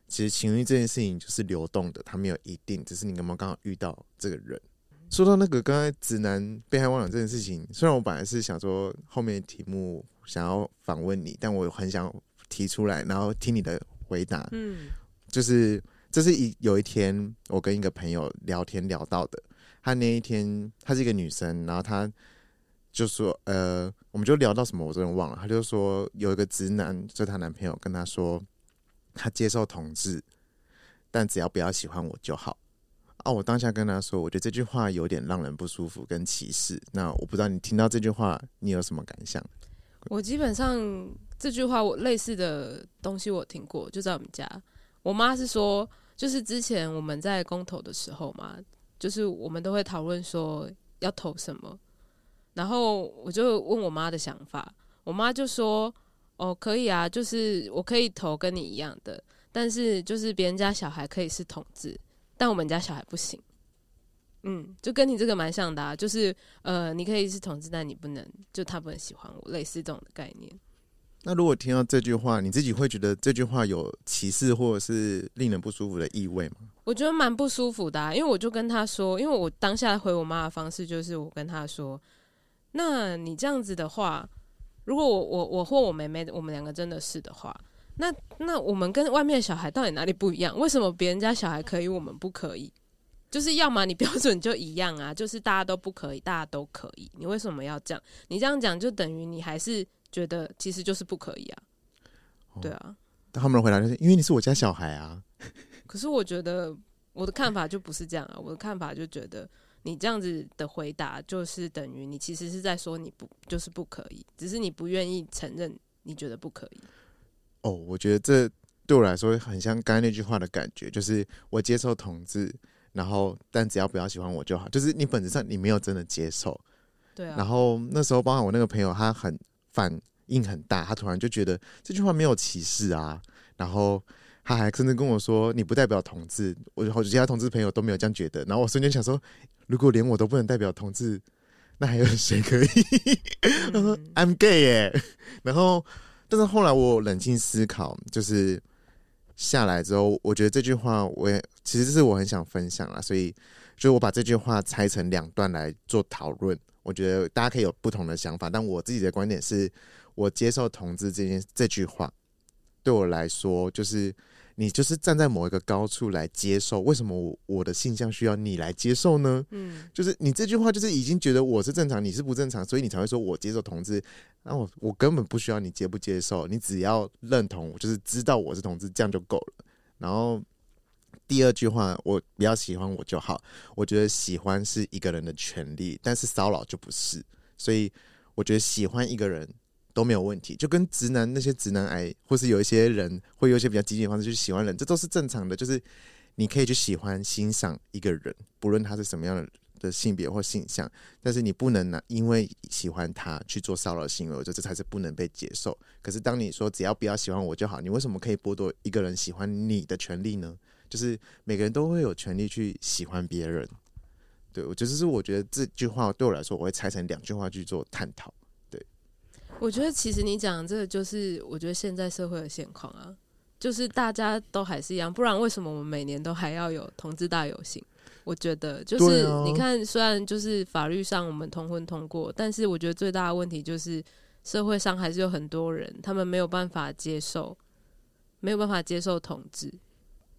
其實情欲這件事情就是流動的，它沒有一定，只是你有沒有剛好遇到這個人？說到那個剛才直男被害妄想這件事情，雖然我本來是想說後面的題目想要訪問你，但我很想提出來，然後聽你的。回答，嗯，就是這是一有一天我跟一個朋友聊天聊到的，他那一天她是一個女生，然後她就說，呃，我們就聊到什麼，我真的忘了。她就說有一個直男，就她男朋友跟她說，她接受同志，但只要不要喜歡我就好。啊，我當下跟她說，我覺得這句話有點讓人不舒服跟歧視。那我不知道你聽到這句話，你有什麼感想？我基本上。這句話我類似的東西我聽過，就在我們家，我媽是說，就是之前我們在公投的時候嘛，就是我們都會討論說要投什麼，然後我就問我媽的想法，我媽就說：“哦，可以啊，就是我可以投跟你一樣的，但是就是別人家小孩可以是同志，但我們家小孩不行。”嗯，就跟你這個蠻像的啊，就是呃，你可以是同志，但你不能，就他不能喜歡我，類似這種的概念。那如果聽到這句話，你自己會覺得這句話有歧視或者是令人不舒服的意味嗎？我覺得蠻不舒服的啊，因為我就跟他說，因為我當下回我媽的方式就是我跟他說，那你這樣子的話，如果我我我或我妹妹我們兩個真的是的話，那那我們跟外面的小孩到底哪裡不一樣？為什麼別人家小孩可以，我們不可以？就是要麼你標準就一樣啊，就是大家都不可以，大家都可以，你為什麼要這樣？你這樣講就等於你還是。覺得其實就是不可以啊，對啊。但他們回答就是因為你是我家小孩啊。可是我覺得我的看法就不是這樣啊，我的看法就覺得你這樣子的回答就是等於你其實是在說你不就是不可以，只是你不願意承認你覺得不可以。哦，我覺得這對我來說很像剛才那句話的感覺，就是我接受同志，然後但只要不要喜歡我就好。就是你本質上你沒有真的接受。對。啊。然後那時候，包含我那個朋友，他很。反應很大，他突然就覺得這句話沒有歧視啊，然後他還甚至跟我說：“你不代表同志，我其他同志朋友都沒有這樣覺得。”然後我瞬間想說：“如果連我都不能代表同志，那還有誰可以？”他說：“I'm gay。”耶，然後但是後來我冷靜思考，就是下來之後，我覺得這句話，我也其實這是我很想分享啦，所以，所以我把這句話拆成兩段來做討論。我覺得大家可以有不同的想法，但我自己的觀點是，我接受同志這件這句話，對我來說就是你就是站在某一個高處來接受，為什麼我我的性向需要你來接受呢？嗯，就是你這句話就是已經覺得我是正常，你是不正常，所以你才會說我接受同志。那我我根本不需要你接不接受，你只要認同我，就是知道我是同志，這樣就夠了。然後。第二句話，我比較喜歡我就好。我覺得喜歡是一個人的權利，但是騷擾就不是。所以我覺得喜歡一個人都沒有問題，就跟直男那些直男癌，或是有一些人會有一些比較激進的方式去喜歡人，這都是正常的。就是你可以去喜歡、欣賞一個人，不論他是什麼樣的的性別或性向，但是你不能拿因為喜歡他去做騷擾行為。我覺得這才是不能被接受。可是當你說只要不要喜歡我就好，你為什麼可以剝奪一個人喜歡你的權利呢？就是每個人都會有權利去喜歡別人，對我覺得是，我覺得這句話對我來說，我會拆成兩句話去做探討。對，我覺得其實你講的這個就是，我覺得現在社會的現況啊，就是大家都還是一樣，不然為什麼我們每年都還要有同志大遊行？我覺得就是，你看，雖然就是法律上我們同婚通過，但是我覺得最大的問題就是社會上還是有很多人，他們沒有辦法接受，沒有辦法接受同志。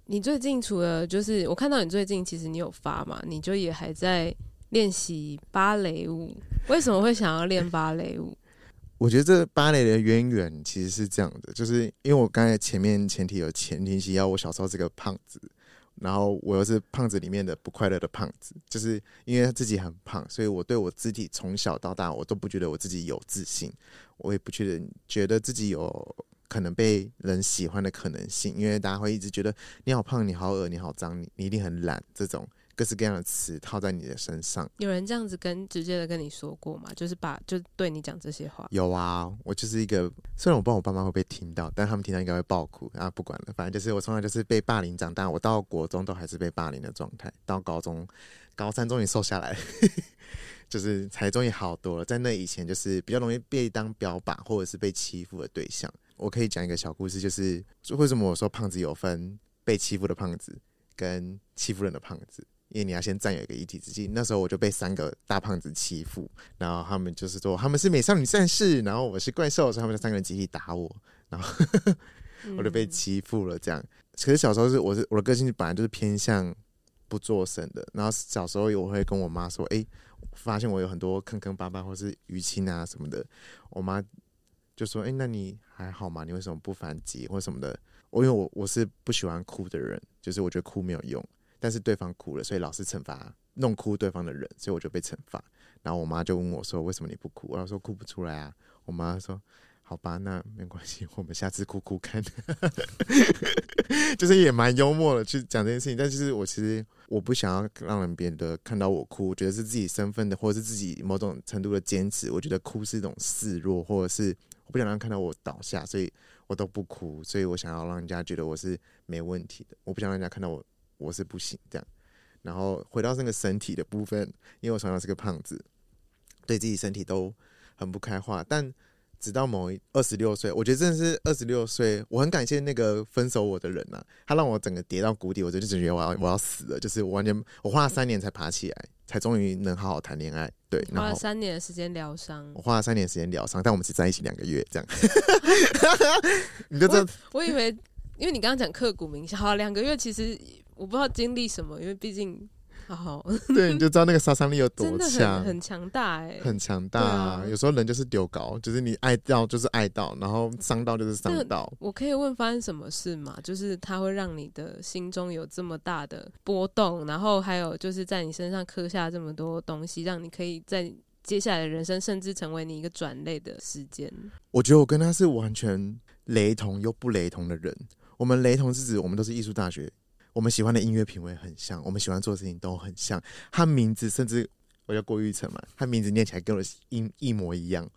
你最近除了就是我看到你最近，其實你有發嘛？你就也還在練習芭蕾舞？為什麼會想要練芭蕾舞？我覺得這芭蕾的淵源其實是這樣的，就是因為我剛才前面前提有前提是要我小時候是個胖子，然後我又是胖子裡面的不快樂的胖子，就是因為他自己很胖，所以我對我肢體從小到大我都不覺得我自己有自信，我也不覺得覺得自己有。可能被人喜歡的可能性，因為大家會一直覺得你好胖，你好噁，你好髒，你你一定很懶，這種各式各樣的詞套在你的身上。有人這樣子跟直接的跟你說過嗎？就是把就對你講這些話？有啊，我就是一個，雖然我不知道我爸媽會不會聽到，但他們聽到應該會爆哭啊。不管了，反正就是我從來就是被霸凌長大，我到國中都還是被霸凌的狀態，到高中高三終於瘦下來呵呵，就是才終於好多了。在那以前就是比較容易被當標靶，或者是被欺負的對象。我可以講一個小故事，就是為什麼我說胖子有分被欺負的胖子跟欺負人的胖子，因為你要先占有一個一體之際。那時候我就被三個大胖子欺負，然後他們就是說他們是美少女戰士，然後我是怪獸，所以他們三個人集體打我，然後 我就被欺負了。這樣，其、嗯、實小時候是我是我的個性本來就是偏向不做聲的，然後小時候我會跟我媽說，哎、欸，發現我有很多坑坑巴巴或是淤青啊什麼的，我媽。就說：“哎、欸，那你還好嗎？你為什麼不反擊或什麼的？我因為我我是不喜歡哭的人，就是我覺得哭沒有用。但是對方哭了，所以老師懲罰弄哭對方的人，所以我就被懲罰。然後我媽就問我說：‘為什麼你不哭？’我說：‘哭不出來啊。’我媽說：‘好吧，那沒關係，我們下次哭哭看。 ’就是也蠻幽默的去講這件事情。但其實我其實我不想要讓別人都看到我哭，覺得是自己身份的，或者是自己某種程度的堅持。我覺得哭是一種示弱，或者是……我不想讓人看到我倒下，所以我都不哭，所以我想要讓人家覺得我是沒問題的。我不想讓人家看到我，我是不行這樣，然後回到那個身體的部分，因為我從小是個胖子，對自己身體都很不開化。但直到某一二十六歲，我覺得真的是二十六歲，我很感謝那個分手我的人吶、啊，他讓我整個跌到谷底，我就只覺得我要我要死了，就是我完全我花了三年才爬起來。才終於能好好談戀愛，對，花了三年的時間療傷，我花了三年的時間療傷，但我們只在一起兩個月，這樣， 你就這我，我以為，因為你剛剛講刻骨銘心，好啊，兩個月其實我不知道經歷什麼，因為畢竟。好、oh, 對，你就知道那個殺傷力有多強，很強大哎、欸，很強大、啊。有時候人就是丟高，就是你愛到就是愛到，然後傷到就是傷到。我可以問發生什麼事嗎？就是他會讓你的心中有這麼大的波動，然後還有就是在你身上刻下這麼多東西，讓你可以在接下來的人生甚至成為你一個轉捩的時間。我覺得我跟他是完全雷同又不雷同的人。我們雷同是指我們都是藝術大學。我們喜歡的音樂品味很像，我們喜歡做的事情都很像。他名字甚至我叫郭昱辰嘛，他名字念起來跟我的音一模一樣。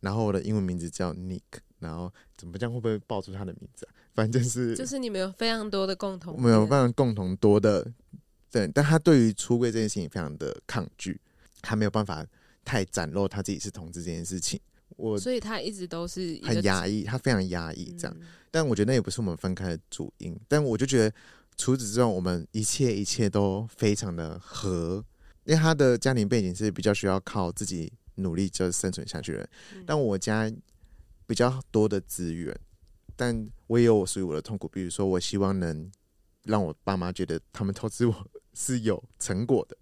然後我的英文名字叫 Nick。然後怎麼這樣會不會爆出他的名字啊？反正、就是就是你們有非常多的共同，沒有辦法共同多的對。但他對於出櫃這件事情非常的抗拒，他沒有辦法太展露他自己是同志這件事情。我所以他一直都是很壓抑，他非常壓抑這樣、嗯。但我覺得那也不是我們分開的主因。但我就覺得。除此之外，我們一切一切都非常的合，因為他的家庭背景是比較需要靠自己努力，就是生存下去的。但、嗯、我家比較多的資源，但我也有屬於我的痛苦，比如說我希望能讓我爸媽覺得他們投資我是有成果的，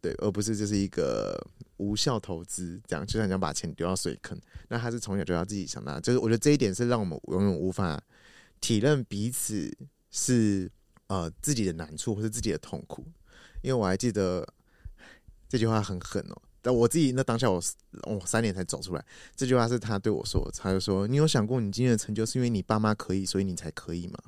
對，而不是就是一個無效投資，這樣，就像這樣把錢丟到水坑。那他是從小就要自己長大，就是我覺得這一點是讓我們永遠無法體認彼此是呃，自己的難處或是自己的痛苦，因為我還記得這句話很狠哦。但我自己那當下我，我我三年才走出來。這句話是他對我說，他就說：“你有想過，你今天的成就是因為你爸媽可以，所以你才可以嗎？”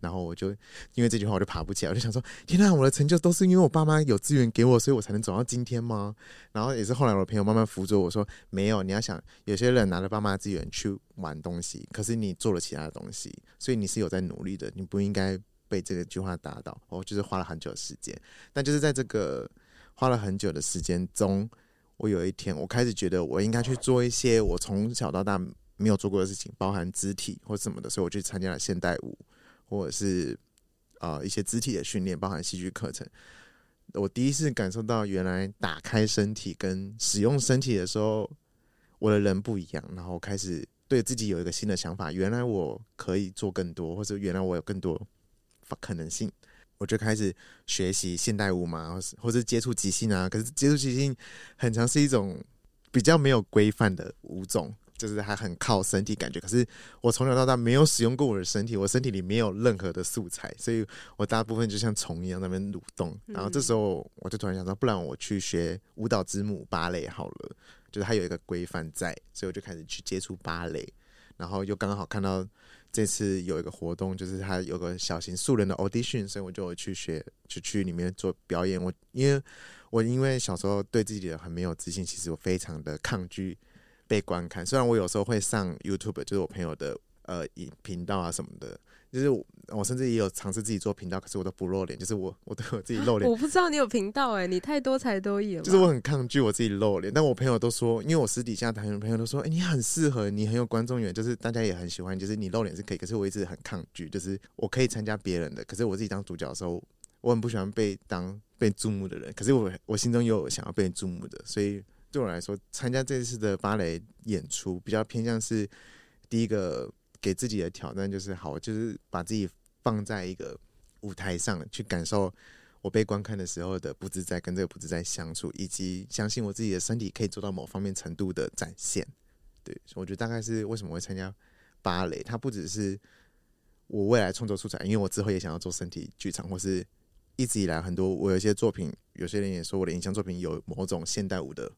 然後我就因為這句話，我就爬不起來，我就想說：“天啊，我的成就都是因為我爸媽有資源給我，所以我才能走到今天嗎？”然後也是後來我的朋友慢慢扶着我說：“沒有，你要想，有些人拿着爸媽資源去玩東西，可是你做了其他的東西，所以你是有在努力的，你不應該。”被這個句話打倒，哦，就是花了很久的時間。但就是在這個花了很久的時間中，我有一天我開始覺得我應該去做一些我從小到大沒有做過的事情，包含肢體或什麼的。所以我去參加了現代舞，或者是啊、呃、一些肢體的訓練，包含戲劇課程。我第一次感受到原來打開身體跟使用身體的時候，我的人不一樣。然後開始對自己有一個新的想法：原來我可以做更多，或者原來我有更多可能性，我就開始學習現代舞嘛，然後或是接觸即興啊。可是接觸即興，很常是一種比較沒有規範的舞種，就是還很靠身體感覺。可是我從小到大沒有使用過我的身體，我身體裡沒有任何的素材，所以我大部分就像蟲一樣在那邊蠕動。然後這時候我就突然想到，不然我去學舞蹈之母芭蕾好了，就是它有一個規範在，所以我就開始去接觸芭蕾，然後又剛好看到。這次有一個活動，就是他有個小型素人的 audition，所以我就去學，就去裡面做表演。我因為我因為小時候對自己的很沒有自信，其實我非常的抗拒被觀看。雖然我有時候會上 YouTube，就是我朋友的呃影頻道啊什麼的。就是我，我甚至也有嘗試自己做頻道，可是我都不露臉。就是我，我都有自己露臉、啊，我不知道你有頻道哎、欸，你太多才多藝了。就是我很抗拒我自己露臉，但我朋友都說，因為我私底下談的朋友都說，哎、欸，你很適合，你很有觀眾緣，就是大家也很喜歡，就是你露臉是可以。可是我一直很抗拒，就是我可以參加別人的，可是我自己當主角的時候，我很不喜歡被當被注目的人。可是我我心中又有想要被注目的，所以對我來說，參加這次的芭蕾演出比較偏向是第一個。給自己的挑戰就是好，就是把自己放在一個舞台上去感受我被觀看的時候的不自在，跟這個不自在相處，以及相信我自己的身體可以做到某方面程度的展現。對，所以我覺得大概是為什麼我會參加芭蕾，它不只是我未來創作素材，因為我之後也想要做身體劇場，或是一直以來很多我有一些作品，有些人也說我的影像作品有某種現代舞的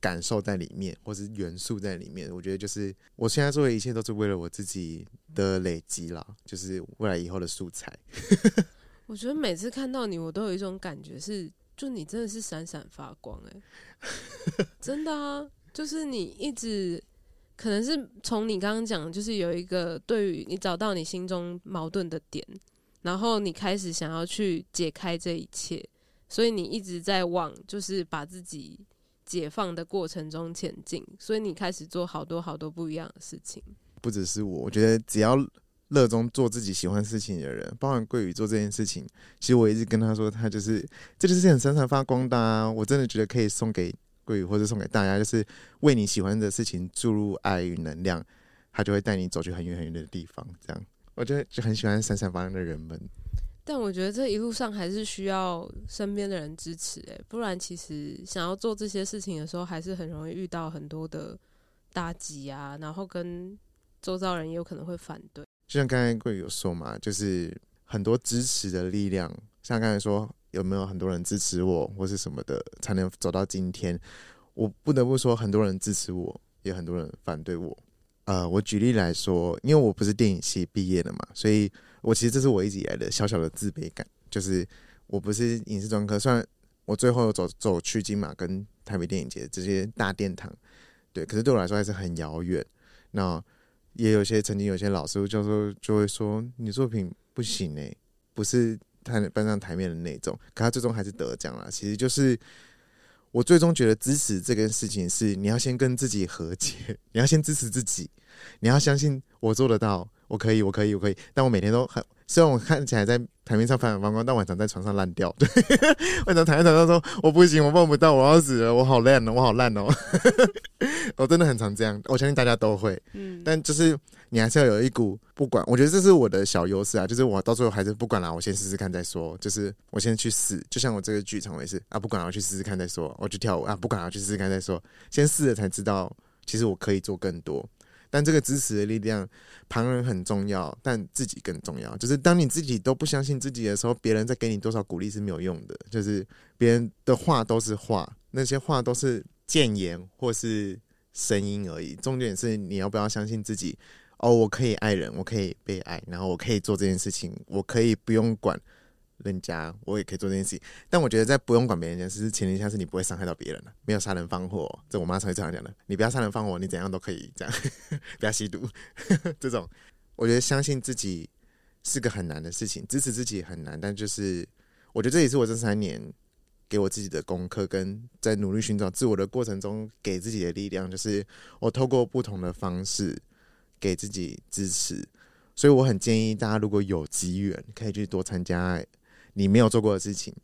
感受在裡面，或是元素在裡面。我覺得就是我現在做的一切都是為了我自己的累積啦，就是未來以後的素材。 我覺得每次看到你，我都有一種感覺是，就你真的是閃閃發光誒、欸。 真的啊！就是你一直，可能是從你剛剛講的，就是有一個對於你找到你心中矛盾的點，然後你開始想要去解開這一切，所以你一直在往，就是把自己。解放的過程中前進，所以你開始做好多好多不一樣的事情。不只是我，我覺得只要熱衷做自己喜歡事情的人，包含桂瑜做這件事情，其實我一直跟他說，他就是這件事情閃閃發光的啊。我真的覺得可以送給桂瑜，或者送給大家，就是為你喜歡的事情注入愛與能量，他就會帶你走去很遠很遠的地方。這樣，我覺得就很喜歡閃閃發光的人們。但我覺得這一路上還是需要身邊的人支持，欸，哎，不然其實想要做這些事情的時候，還是很容易遇到很多的打擊啊，然後跟周遭人也有可能會反對。就像剛才桂瑜說嘛，就是很多支持的力量，像剛才說有沒有很多人支持我或是什麼的，才能走到今天。我不得不說，很多人支持我，也有很多人反對我。呃，我舉例來說，因為我不是電影系畢業的嘛，所以。我其實，這是我一直以來的小小的自卑感，就是我不是影視專科，雖然我最後走走去金馬跟台北電影節這些大殿堂，對，可是對我來說還是很遙遠。那也有些曾經有些老師教授就會說你作品不行，哎、欸，不是太搬上台面的那種，可他最終還是得獎了，其實就是。我最終覺得支持這件事情是，你要先跟自己和解，你要先支持自己，你要相信我做得到，我可以，我可以，我可以，但我每天都很。雖然我看起來在台面上反反光，但晚上在床上爛掉。對，晚上躺在床上說我不行，我辦不到，我要死了，我好爛哦、喔，我好爛哦、喔。我真的很常這樣，我相信大家都會。嗯，但就是你還是要有一股不管，我覺得這是我的小優勢啊，就是我到最後還是不管了、啊，我先試試看再說。就是我先去試，就像我這個劇場也是啊，不管了、啊，我去試試看再說，我去跳舞啊，啊，不管了，我去試試看再說，先試了才知道，其實我可以做更多。但這個支持的力量，旁人很重要，但自己更重要。就是當你自己都不相信自己的時候，別人再給你多少鼓勵是沒有用的。就是別人的話都是話，那些話都是諫言，言或是聲音而已。重點是你要不要相信自己？哦，我可以愛人，我可以被愛，然後我可以做這件事情，我可以不用管。人家我也可以做這件事情，但我覺得在不用管別人家，其實前提下是你不會傷害到別人的，啊，沒有殺人放火。這我媽常會這樣講的，你不要殺人放火，你怎樣都可以這樣，呵呵，不要吸毒，呵呵，這種。我覺得相信自己是個很難的事情，支持自己很難，但就是我覺得這也是我這三年給我自己的功課，跟在努力尋找自我的過程中給自己的力量，就是我透過不同的方式給自己支持。所以我很建議大家如果有機緣，可以去多參加。你沒有做過的事情，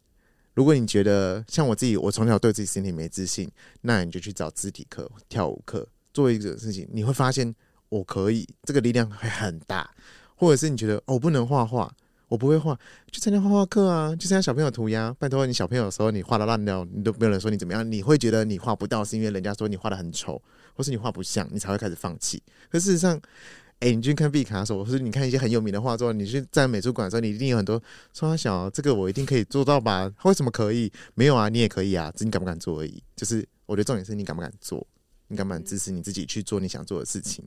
如果你覺得像我自己，我從小對自己身體沒自信，那你就去找肢體課、跳舞課，做一種事情，你會發現我可以，這個力量會很大。或者是你覺得哦，不能畫畫，我不會畫，去參加畫畫課啊，去參加小朋友塗鴉。拜托你小朋友的時候，你畫的爛掉，你都沒有人說你怎麼樣，你會覺得你畫不到，是因為人家說你畫的很醜，或是你畫不像，你才會開始放棄。可事實上。哎、欸，你去看畢卡索，或是你看一些很有名的畫作，你去在美術館的時候，你一定有很多說，他想這個我一定可以做到吧？為什麼可以？沒有啊，你也可以啊，只是你敢不敢做而已。就是我覺得重點是你敢不敢做，你敢不敢支持你自己去做你想做的事情。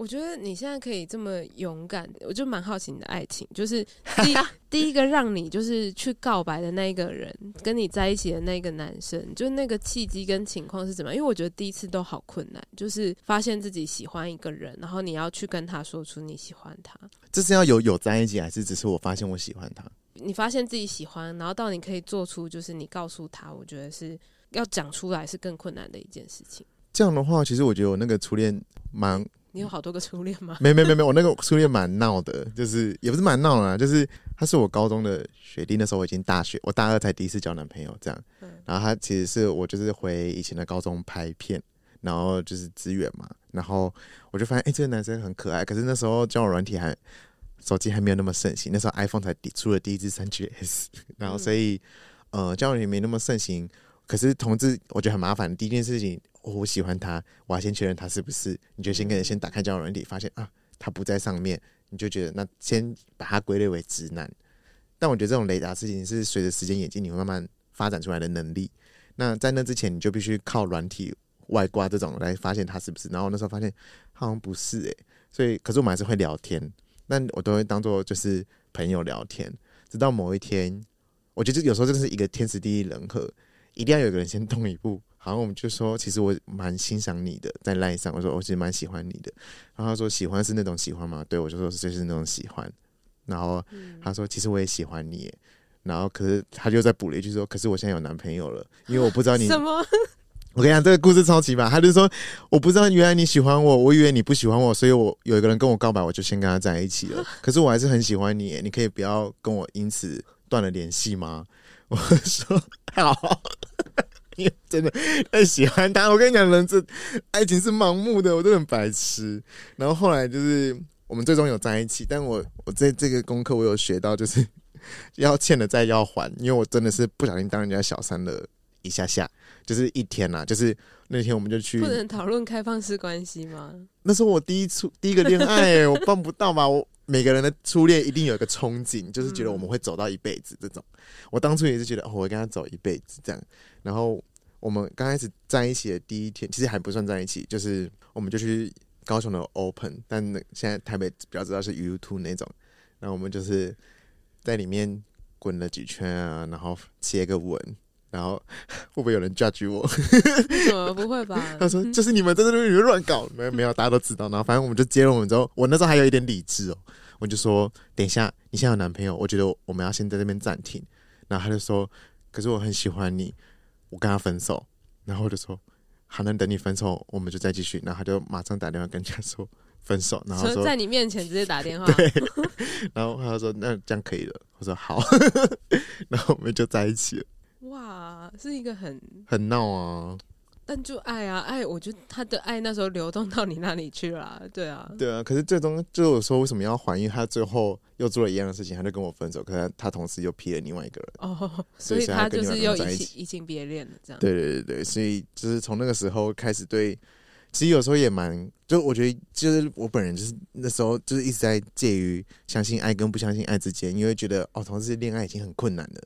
我覺得你現在可以這麼勇敢，我就蠻好奇你的愛情，就是第 第一個讓你就是去告白的那一個人，跟你在一起的那個男生，就是那個契機跟情況是怎麼樣？因為我覺得第一次都好困難，就是發現自己喜歡一個人，然後你要去跟他說出你喜歡他，這是要有有，在一起，還是只是我發現我喜歡他？你發現自己喜歡，然後到你可以做出就是你告訴他，我覺得是要講出來是更困難的一件事情。這樣的話，其實我覺得我那個初戀蠻。你有好多個初戀嗎？沒、嗯、沒沒沒，我那個初戀蠻鬧的、， 就是的啊，就是也不是蠻鬧啦，就是他是我高中的學弟，那時候我已經大學，我大二才第一次交男朋友這樣。然後他其實是我就是回以前的高中拍片，然後就是資源嘛，然後我就發現哎、欸，這個男生很可愛，可是那時候交友軟體還手機還沒有那麼盛行，那時候 iPhone 才出了第一支 3GS，然後所以、嗯、呃交友軟體沒那麼盛行，可是同志我覺得很麻煩，第一件事情。哦、我喜歡他，我要先確認他是不是，你就先跟人先打開交友軟體，發現啊，他不在上面，你就覺得那先把他歸類為直男。但我覺得這種雷達事情是隨着時間演進，你會慢慢發展出來的能力。那在那之前，你就必須靠軟體外掛這種來發現他是不是。然後那時候發現他好像不是誒、欸。所以可是我們還是會聊天，那我都會當做就是朋友聊天。直到某一天，我覺得有時候真的是一個天時地利人和，一定要有個人先動一步。好，我們就說，其實我蠻欣賞你的，在賴上我說，我其實蠻喜歡你的。然後他說，喜歡是那種喜歡嗎？對，我就說就是那種喜歡。然後、嗯、他說，其實我也喜歡你。然後可是他就再補了一句說，可是我現在有男朋友了，因為我不知道你什麼。我跟你講，這個故事超奇葩。他就說，我不知道原來你喜歡我，我以為你不喜歡我，所以我有一個人跟我告白，我就先跟他在一起了。可是我還是很喜歡你，你可以不要跟我因此斷了聯繫嗎？我說好。 真的太喜歡他，我跟你講，人這愛情是盲目的，我都很白痴。然後後來就是我們最終有在一起，但我我這這個功課我有學到，就是要欠的債要還，因為我真的是不小心當人家小三了一下下，就是一天吶、啊，就是那天我們就去不能討論開放式關係嗎？那是我第一初第一個戀愛、欸，我辦不到嘛。 我每個人的初戀一定有一個憧憬，就是覺得我們會走到一輩子這種、嗯。我當初也是覺得、哦、我會跟他走一輩子這樣，然後。我們剛開始在一起的第一天，其實還不算在一起，就是我們就去高雄的 Open，但那現在台北比較知道是 U Two 那種。然後我們就是在裡面滾了幾圈啊，然後接個吻，然後會不會有人 judge 我？怎麼不會吧？ 他說：“就是你們在這邊裡面亂搞，沒 有沒有，大家都知道。”然後反正我們就接了吻之後，我那時候還有一點理智哦，我就說：“等一下，你現在有男朋友，我覺得我們要先在這邊暫停。”然後他就說：“可是我很喜歡你。”我跟他分手，然後我就說還能等你分手，我們就再繼續。然後他就馬上打電話跟人家說分手，然後說在你面前直接打電話。 對，然後他說那這樣可以了，我說好， 然後我們就在一起了。哇，是一個很很鬧啊。按住愛啊愛，我覺得他的愛那時候流動到你那裡去了，啊，對啊，對啊。可是最終就是我說為什麼要懷孕？他最後又做了一樣的事情，他就跟我分手。可是他，他同時又劈了另外一個人哦，oh，所以他就是又移情移情別戀了這樣。對對對對，所以就是從那個時候開始，對，其實有時候也蠻，就我覺得就是我本人就是那時候就是一直在介於相信愛跟不相信愛之間，因為覺得哦，同志戀愛已經很困難了，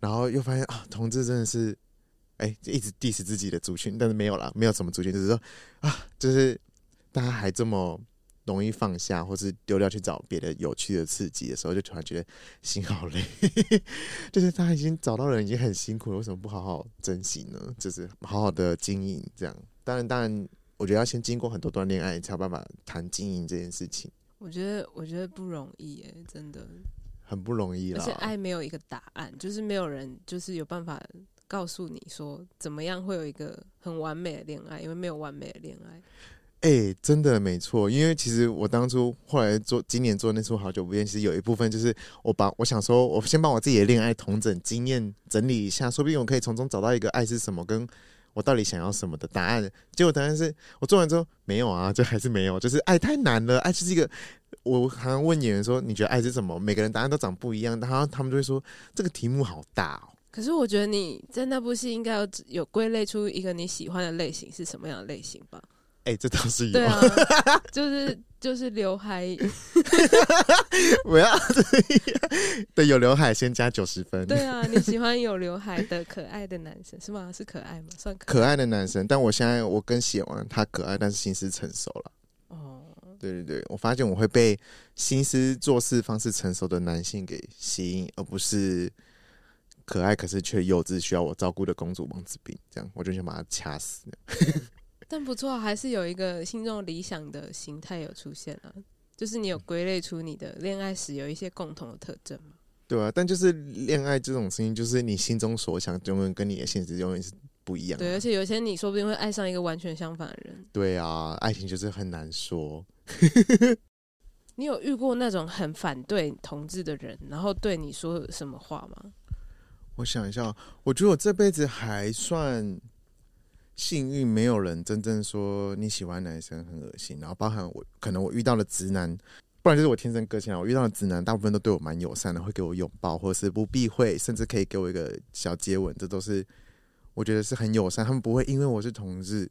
然後又發現啊，同志真的是。哎，一直 diss 自己的族群，但是沒有啦，沒有什麼族群，就是說，啊，就是大家還這麼容易放下，或是丟掉去找別的有趣的刺激的時候，就突然覺得心好累。 就是大家已經找到人，已經很辛苦了，為什麼不好好珍惜呢？就是好好的經營這樣。當然，當然，我覺得要先經過很多段戀愛，才有辦法談經營這件事情。我覺得，我覺得不容易、欸，哎，真的很不容易啦。而且，愛沒有一個答案，就是沒有人，就是有辦法，告訴你說怎麼樣會有一個很完美的戀愛，因為沒有完美的戀愛。哎、欸，真的沒錯。因為其實我當初後來做今年做那出《好久不見》，其實有一部分就是我把我想說，我先把我自己的戀愛統整經驗整理一下，說不定我可以從中找到一個愛是什麼，跟我到底想要什麼的答案。結果答案是我做完之後沒有啊，就還是沒有。就是愛太難了，愛是一個我好像問演員說，你覺得愛是什麼？每個人答案都長不一樣，然後他們就會說，這個題目好大哦。可是我覺得你在那部戲應該有有歸類出一個你喜歡的類型是什麼樣的類型吧？哎、欸，這倒是有，對啊， 就是就是劉海，不要，對，有劉海先加九十分。對啊，你喜歡有劉海的可愛的男生是嗎？是可愛嗎？算可愛，可愛的男生，但我現在我更喜歡他可愛，但是心思成熟了。哦，對對對，我發現我會被心思做事方式成熟的男性給吸引，而不是。可愛可是卻幼稚，需要我照顧的公主王子病，這樣我就想把他掐死。 但不錯，還是有一個心中理想的形態有出現了、啊，就是你有歸類出你的戀愛史有一些共同的特徵嗎？對啊，但就是戀愛這種事情，就是你心中所想永遠跟你的現實永遠是不一樣、啊。對，而且有些你說不定會愛上一個完全相反的人。對啊，愛情就是很難說。 你有遇過那種很反對同志的人，然後對你說什麼話嗎？我想一下，我覺得我這輩子還算幸運，沒有人真正說你喜歡男生很惡心。然後，包含我可能我遇到了直男，不然就是我天生個性啊。我遇到的直男大部分都對我蠻友善的，會給我擁抱，或者是不避諱，甚至可以給我一個小接吻。這都是我覺得是很友善，他們不會因為我是同志，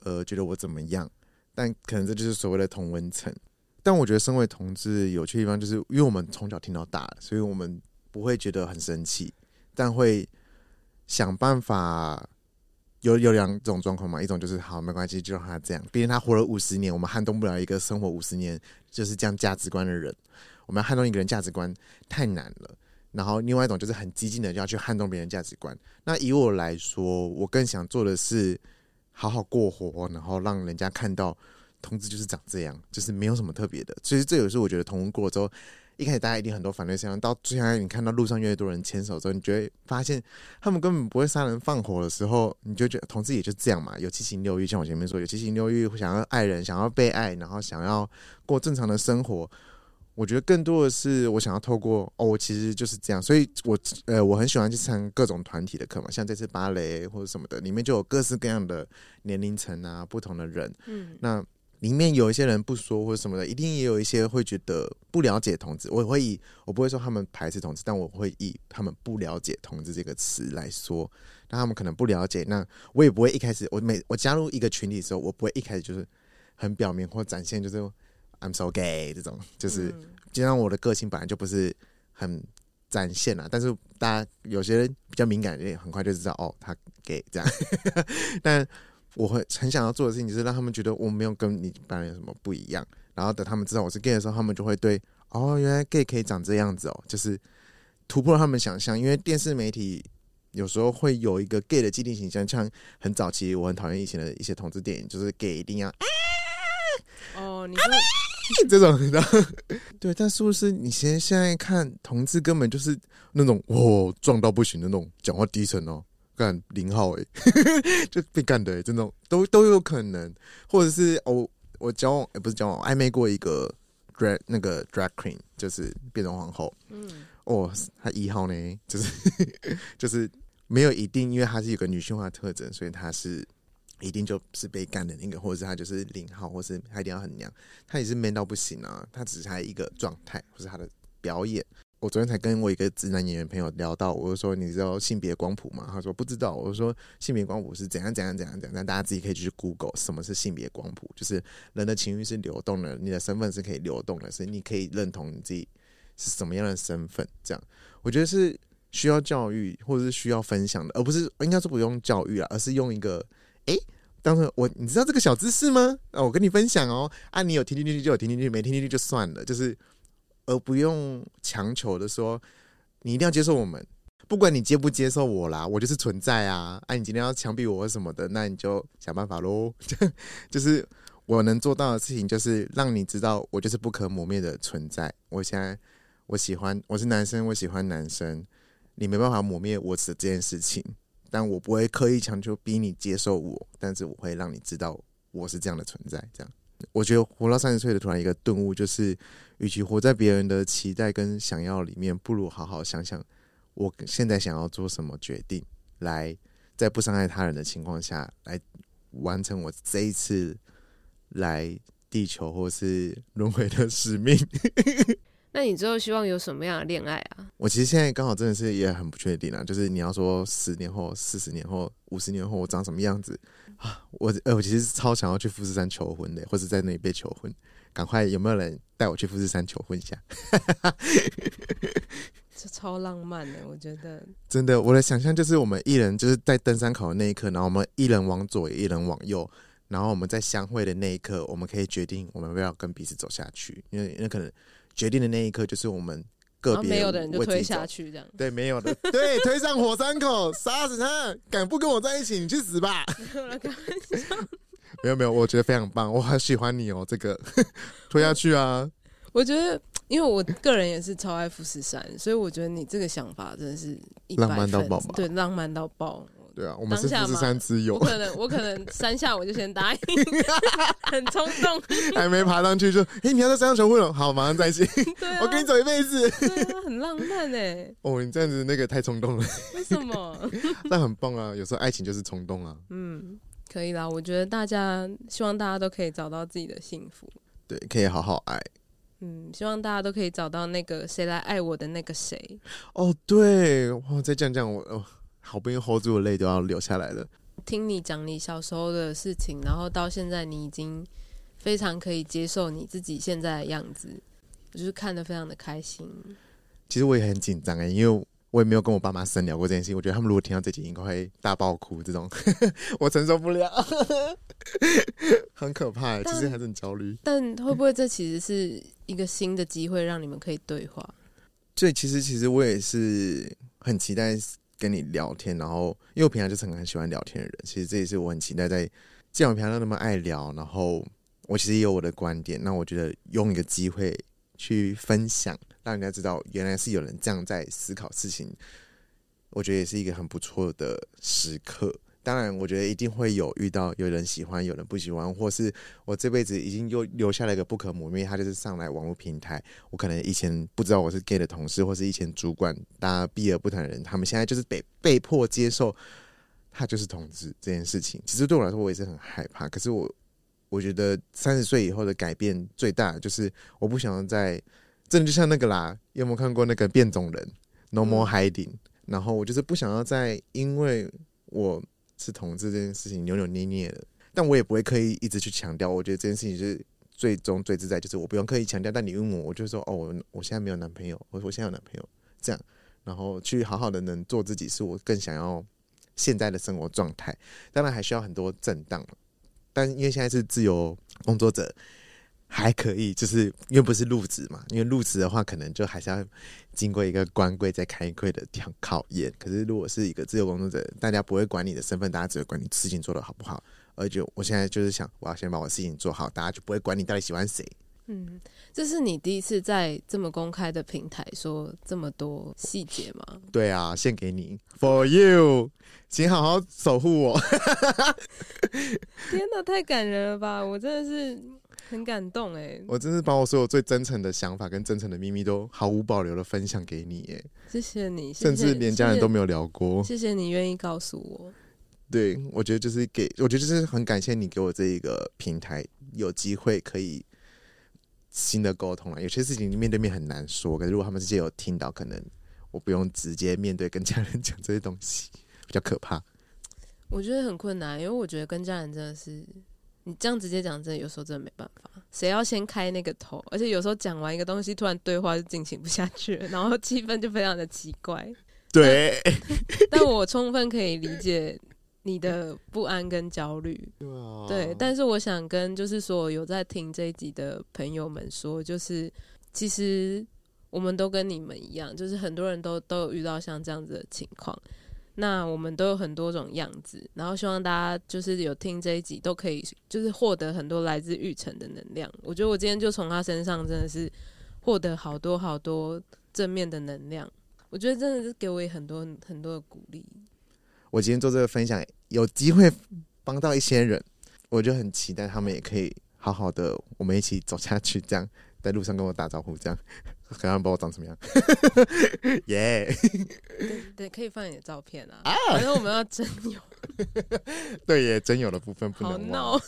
呃，覺得我怎麼樣。但可能這就是所謂的同溫層。但我覺得身為同志，有趣的地方就是因為我們從小聽到大，所以我們不會覺得很生氣。但會想辦法有，有有兩種狀況嘛，一種就是好，沒關係，就讓他這樣。畢竟他活了五十年，我們撼動不了一個生活五十年就是這樣價值觀的人。我們要撼動一個人價值觀太難了。然後另外一種就是很激進的，就要去撼動別人價值觀。那以我來說，我更想做的是好好過活，然後讓人家看到同志就是長這樣，就是沒有什麼特別的。其實這也是我覺得同婚通過之後。一開始大家一定很多反對聲音，到最後你看到路上越多人牽手之後，你就會發現他們根本不會殺人放火的時候，你就覺得同志也就這樣嘛，有七情六慾，像我前面說，有七情六慾，想要愛人，想要被愛，然後想要過正常的生活。我覺得更多的是我想要透過哦，其實就是這樣，所以我呃我很喜歡去參各種團體的課嘛，像這次芭蕾或者什麼的，裡面就有各式各樣的年齡層啊，不同的人，嗯，那。裡面有一些人不說或者什麼的，一定也有一些會覺得不了解同志。我也會以我不會說他們排斥同志，但我會以他們不了解同志這個詞來說。那他們可能不了解，那我也不會一開始。我每我加入一個群體的時候，我不會一開始就是很表面或展現，就是 I'm so gay 這種。就是、嗯，就像我的個性本來就不是很展現了，但是大家有些人比較敏感，也很快就知道哦，他 gay 這樣。 但我會很想要做的事情，就是讓他們覺得我沒有跟你別人有什麼不一樣。然後等他們知道我是 gay 的時候，他們就會對哦，原來 gay 可以長這樣子哦，就是突破了他們想象。因為電視媒體有時候會有一個 gay 的既定形象，像很早期我很討厭以前的一些同志電影，就是 gay 一定要哦你這種，你知道，對，但是不是你現現在看同志根本就是那種哦，壯到不行的那種，講話低沉哦。幹零號誒， 就被幹的這種都都有可能，或者是我、哦、我交往哎、欸、不是交往曖昧過一個 drag 那個 drag queen，就是變裝皇後，嗯，哦，她一號呢，就是 就是沒有一定，因為她是有個女性化的特徵，所以她是一定就是被幹的那個，或者是她就是零號，或者是她一定要很娘，她也是 man 到不行啊，她只是她一個狀態或是她的表演。我昨天才跟我一個直男演員朋友聊到，我就說：“你知道性別光譜嗎？”他說：“不知道。”我說：“性別光譜是怎樣怎樣怎樣怎樣，那大家自己可以去 Google 什麼是性別光譜，就是人的情慾是流動的，你的身份是可以流動的，所以你可以認同你自己是什麼樣的身份。”這樣，我覺得是需要教育或者是需要分享的，而不是應該是不用教育了，而是用一個哎、欸，當時我你知道這個小知識嗎？啊，我跟你分享哦、喔。啊，你有聽進去就有聽進去，沒聽進去就算了，就是。而不用強求的說，你一定要接受我們，不管你接不接受我啦，我就是存在啊！哎、啊，你今天要強逼我什麼的，那你就想辦法嘍。 就是我能做到的事情，就是讓你知道我就是不可磨滅的存在。我現在我喜歡我是男生，我喜歡男生，你沒辦法磨滅我此這件事情，但我不會刻意強求逼你接受我，但是我會讓你知道我是這樣的存在。這樣，我覺得活到三十歲的突然一個頓悟就是。與其活在別人的期待跟想要裡面，不如好好想想，我現在想要做什麼決定，來在不傷害他人的情況下來完成我這一次來地球或是輪回的使命。 那你最後希望有什麼樣的戀愛啊？我其實現在剛好真的是也很不確定啊。就是你要說十年後、四十年後、五十年後我長什麼樣子啊？我呃、欸，我其實是超想要去富士山求婚的，或者在那裡被求婚。趕快，有沒有人帶我去富士山求婚一下？ 這超浪漫的、欸，我覺得。真的，我的想象就是我們一人就是在登山口的那一刻，然後我們一人往左，一人往右，然後我們在相會的那一刻，我們可以決定我們不要跟彼此走下去。因為那可能決定的那一刻，就是我們個別的人就推下去，下去這樣。對，沒有的， 對，推上火山口，殺死他！敢不跟我在一起，你去死吧！ 沒有沒有，我覺得非常棒，我很喜歡你哦、喔。這個推下去啊我！我覺得，因為我個人也是超愛富士山，所以我覺得你這個想法真的是一浪漫到爆吧？對，浪漫到爆！對啊，我們是富士山之友。可能我可能山下我就先答應， 很衝動，還沒爬上去就嘿、欸，你要在山上求婚了？好，馬上再見、啊，我跟你走一輩子對、啊，很浪漫哎、欸！哦，你這樣子那個太衝動了，為什麼？那很棒啊！有時候愛情就是衝動啊，嗯。可以啦，我覺得大家希望大家都可以找到自己的幸福，對，可以好好愛。嗯，希望大家都可以找到那個誰來愛我的那個誰。哦，對，哇、哦，再講講我、哦、好不容易 hold 住我的淚都要流下來了。聽你講你小時候的事情，然後到現在你已經非常可以接受你自己現在的樣子，我就是看得非常的開心。其實我也很緊張啊、欸，因為。我也沒有跟我爸媽深聊過這件事情，我覺得他們如果聽到這集，應該會大爆哭，這種 我承受不了 ，很可怕，其實還是很焦慮。但會不會這其實是一個新的機會，讓你們可以對話？所 以其實，其實我也是很期待跟你聊天。然後，因為我平常就是很很喜歡聊天的人，其實這也是我很期待在，既然我平常都那麼愛聊，然後我其實也有我的觀點。那我覺得用一個機會去分享。讓人家知道原來是有人這樣在思考事情，我覺得也是一個很不錯的時刻。當然，我覺得一定會有遇到有人喜歡，有人不喜歡，或是我這輩子已經又留下了一個不可磨滅。他就是上來網絡平台，我可能以前不知道我是 gay 的同事，或是以前主管，大家避而不談的人，他們現在就是被被迫接受，他就是同志這件事情。其實對我來說，我也是很害怕。可是我我覺得三十歲以後的改變最大，就是我不想要再。真的就像那個啦，有沒有看過那個變種人《No more hiding》？然後我就是不想要再因為我是同志這件事情扭扭捏捏的，但我也不會刻意一直去強調。我覺得這件事情就是最終最自在，就是我不用刻意強調。但你問我，我就說哦，我我現在沒有男朋友，我我現在有男朋友這樣，然後去好好的能做自己，是我更想要現在的生活狀態。當然還需要很多震盪，但因為現在是自由工作者。還可以，就是因為不是入職嘛，因為入職的話，可能就還是要經過一個關櫃再開櫃的調考驗。可是如果是一個自由工作者，大家不會管你的身份，大家只會管你事情做得好不好。而且我現在就是想，我要先把我事情做好，大家就不會管你到底喜歡誰。嗯，這是你第一次在這麼公開的平台說這麼多細節嗎？對啊，獻給你，for you，請好好守護我。 天哪、啊，太感人了吧！我真的是。很感動哎、欸！我真是把我所有最真誠的想法跟真誠的秘密，都毫無保留的分享給你哎、欸！謝謝你，甚至連家人都沒有聊過。謝謝。謝謝你願意告訴我。對，我覺得就是給，我覺得就是很感謝你給我這一個平台，有機會可以新的溝通了。有些事情面對面很難說，可是如果他們之間有聽到，可能我不用直接面對跟家人講這些東西，比較可怕。我覺得很困難，因為我覺得跟家人真的是。你這樣直接講，真的有時候真的沒辦法。誰要先開那個頭？而且有時候講完一個東西，突然對話就進行不下去了，然後氣氛就非常的奇怪。對，但，但我充分可以理解你的不安跟焦慮。 對，但是我想跟就是說有在聽這一集的朋友們說，就是其實我們都跟你們一樣，就是很多人都都有遇到像這樣子的情況。那我們都有很多種樣子，然後希望大家就是有聽這一集都可以，就是獲得很多來自昱辰的能量。我覺得我今天就從他身上真的是獲得好多好多正面的能量，我覺得真的是給我也很多很多的鼓勵。我今天做這個分享，有機會幫到一些人，我就很期待他們也可以好好的，我們一起走下去，這樣在路上跟我打招呼，這樣。很想把我長怎麼樣？耶、 yeah.！對可以放你的照片啊！啊反正我們要徵友。 對耶徵友的部分不能。好鬧。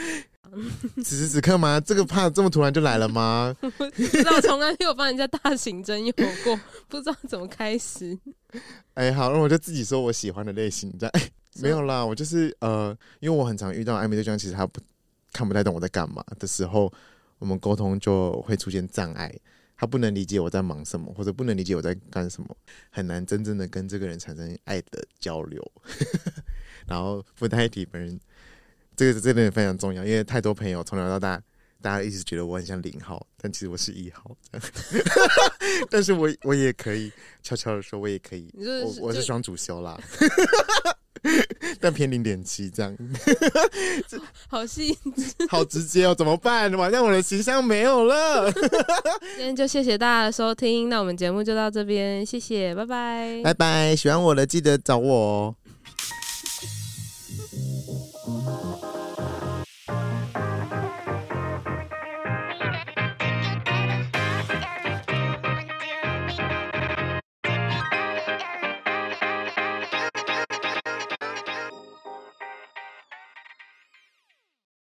此時此刻嗎？這個怕這麼突然就來了嗎？那我從來沒有幫人家大型徵友過， 不知道怎麼開始。哎、欸，好，那我就自己說我喜歡的類型，你、欸、沒有啦，我就是呃，因為我很常遇到曖昧對象，其實他不看不太懂我在幹嘛的時候，我們溝通就會出現障礙。他不能理解我在忙什麼，或者不能理解我在幹什麼，很難真正的跟這個人產生愛的交流， 然後不太體本人。這個這點、也、非常重要，因為太多朋友從小到大，大家一直覺得我很像零號，但其實我是一號。 但是我我也可以悄悄的說，我也可以，悄悄我以是我，我是雙主修啦。 但偏零點七這樣 好，好細，好直接哦、喔！ 怎麼辦？晚上我的形象沒有了 今天就謝謝大家的收聽，那我們節目就到這邊，謝謝，拜拜，拜拜！喜歡我的記得找我、喔。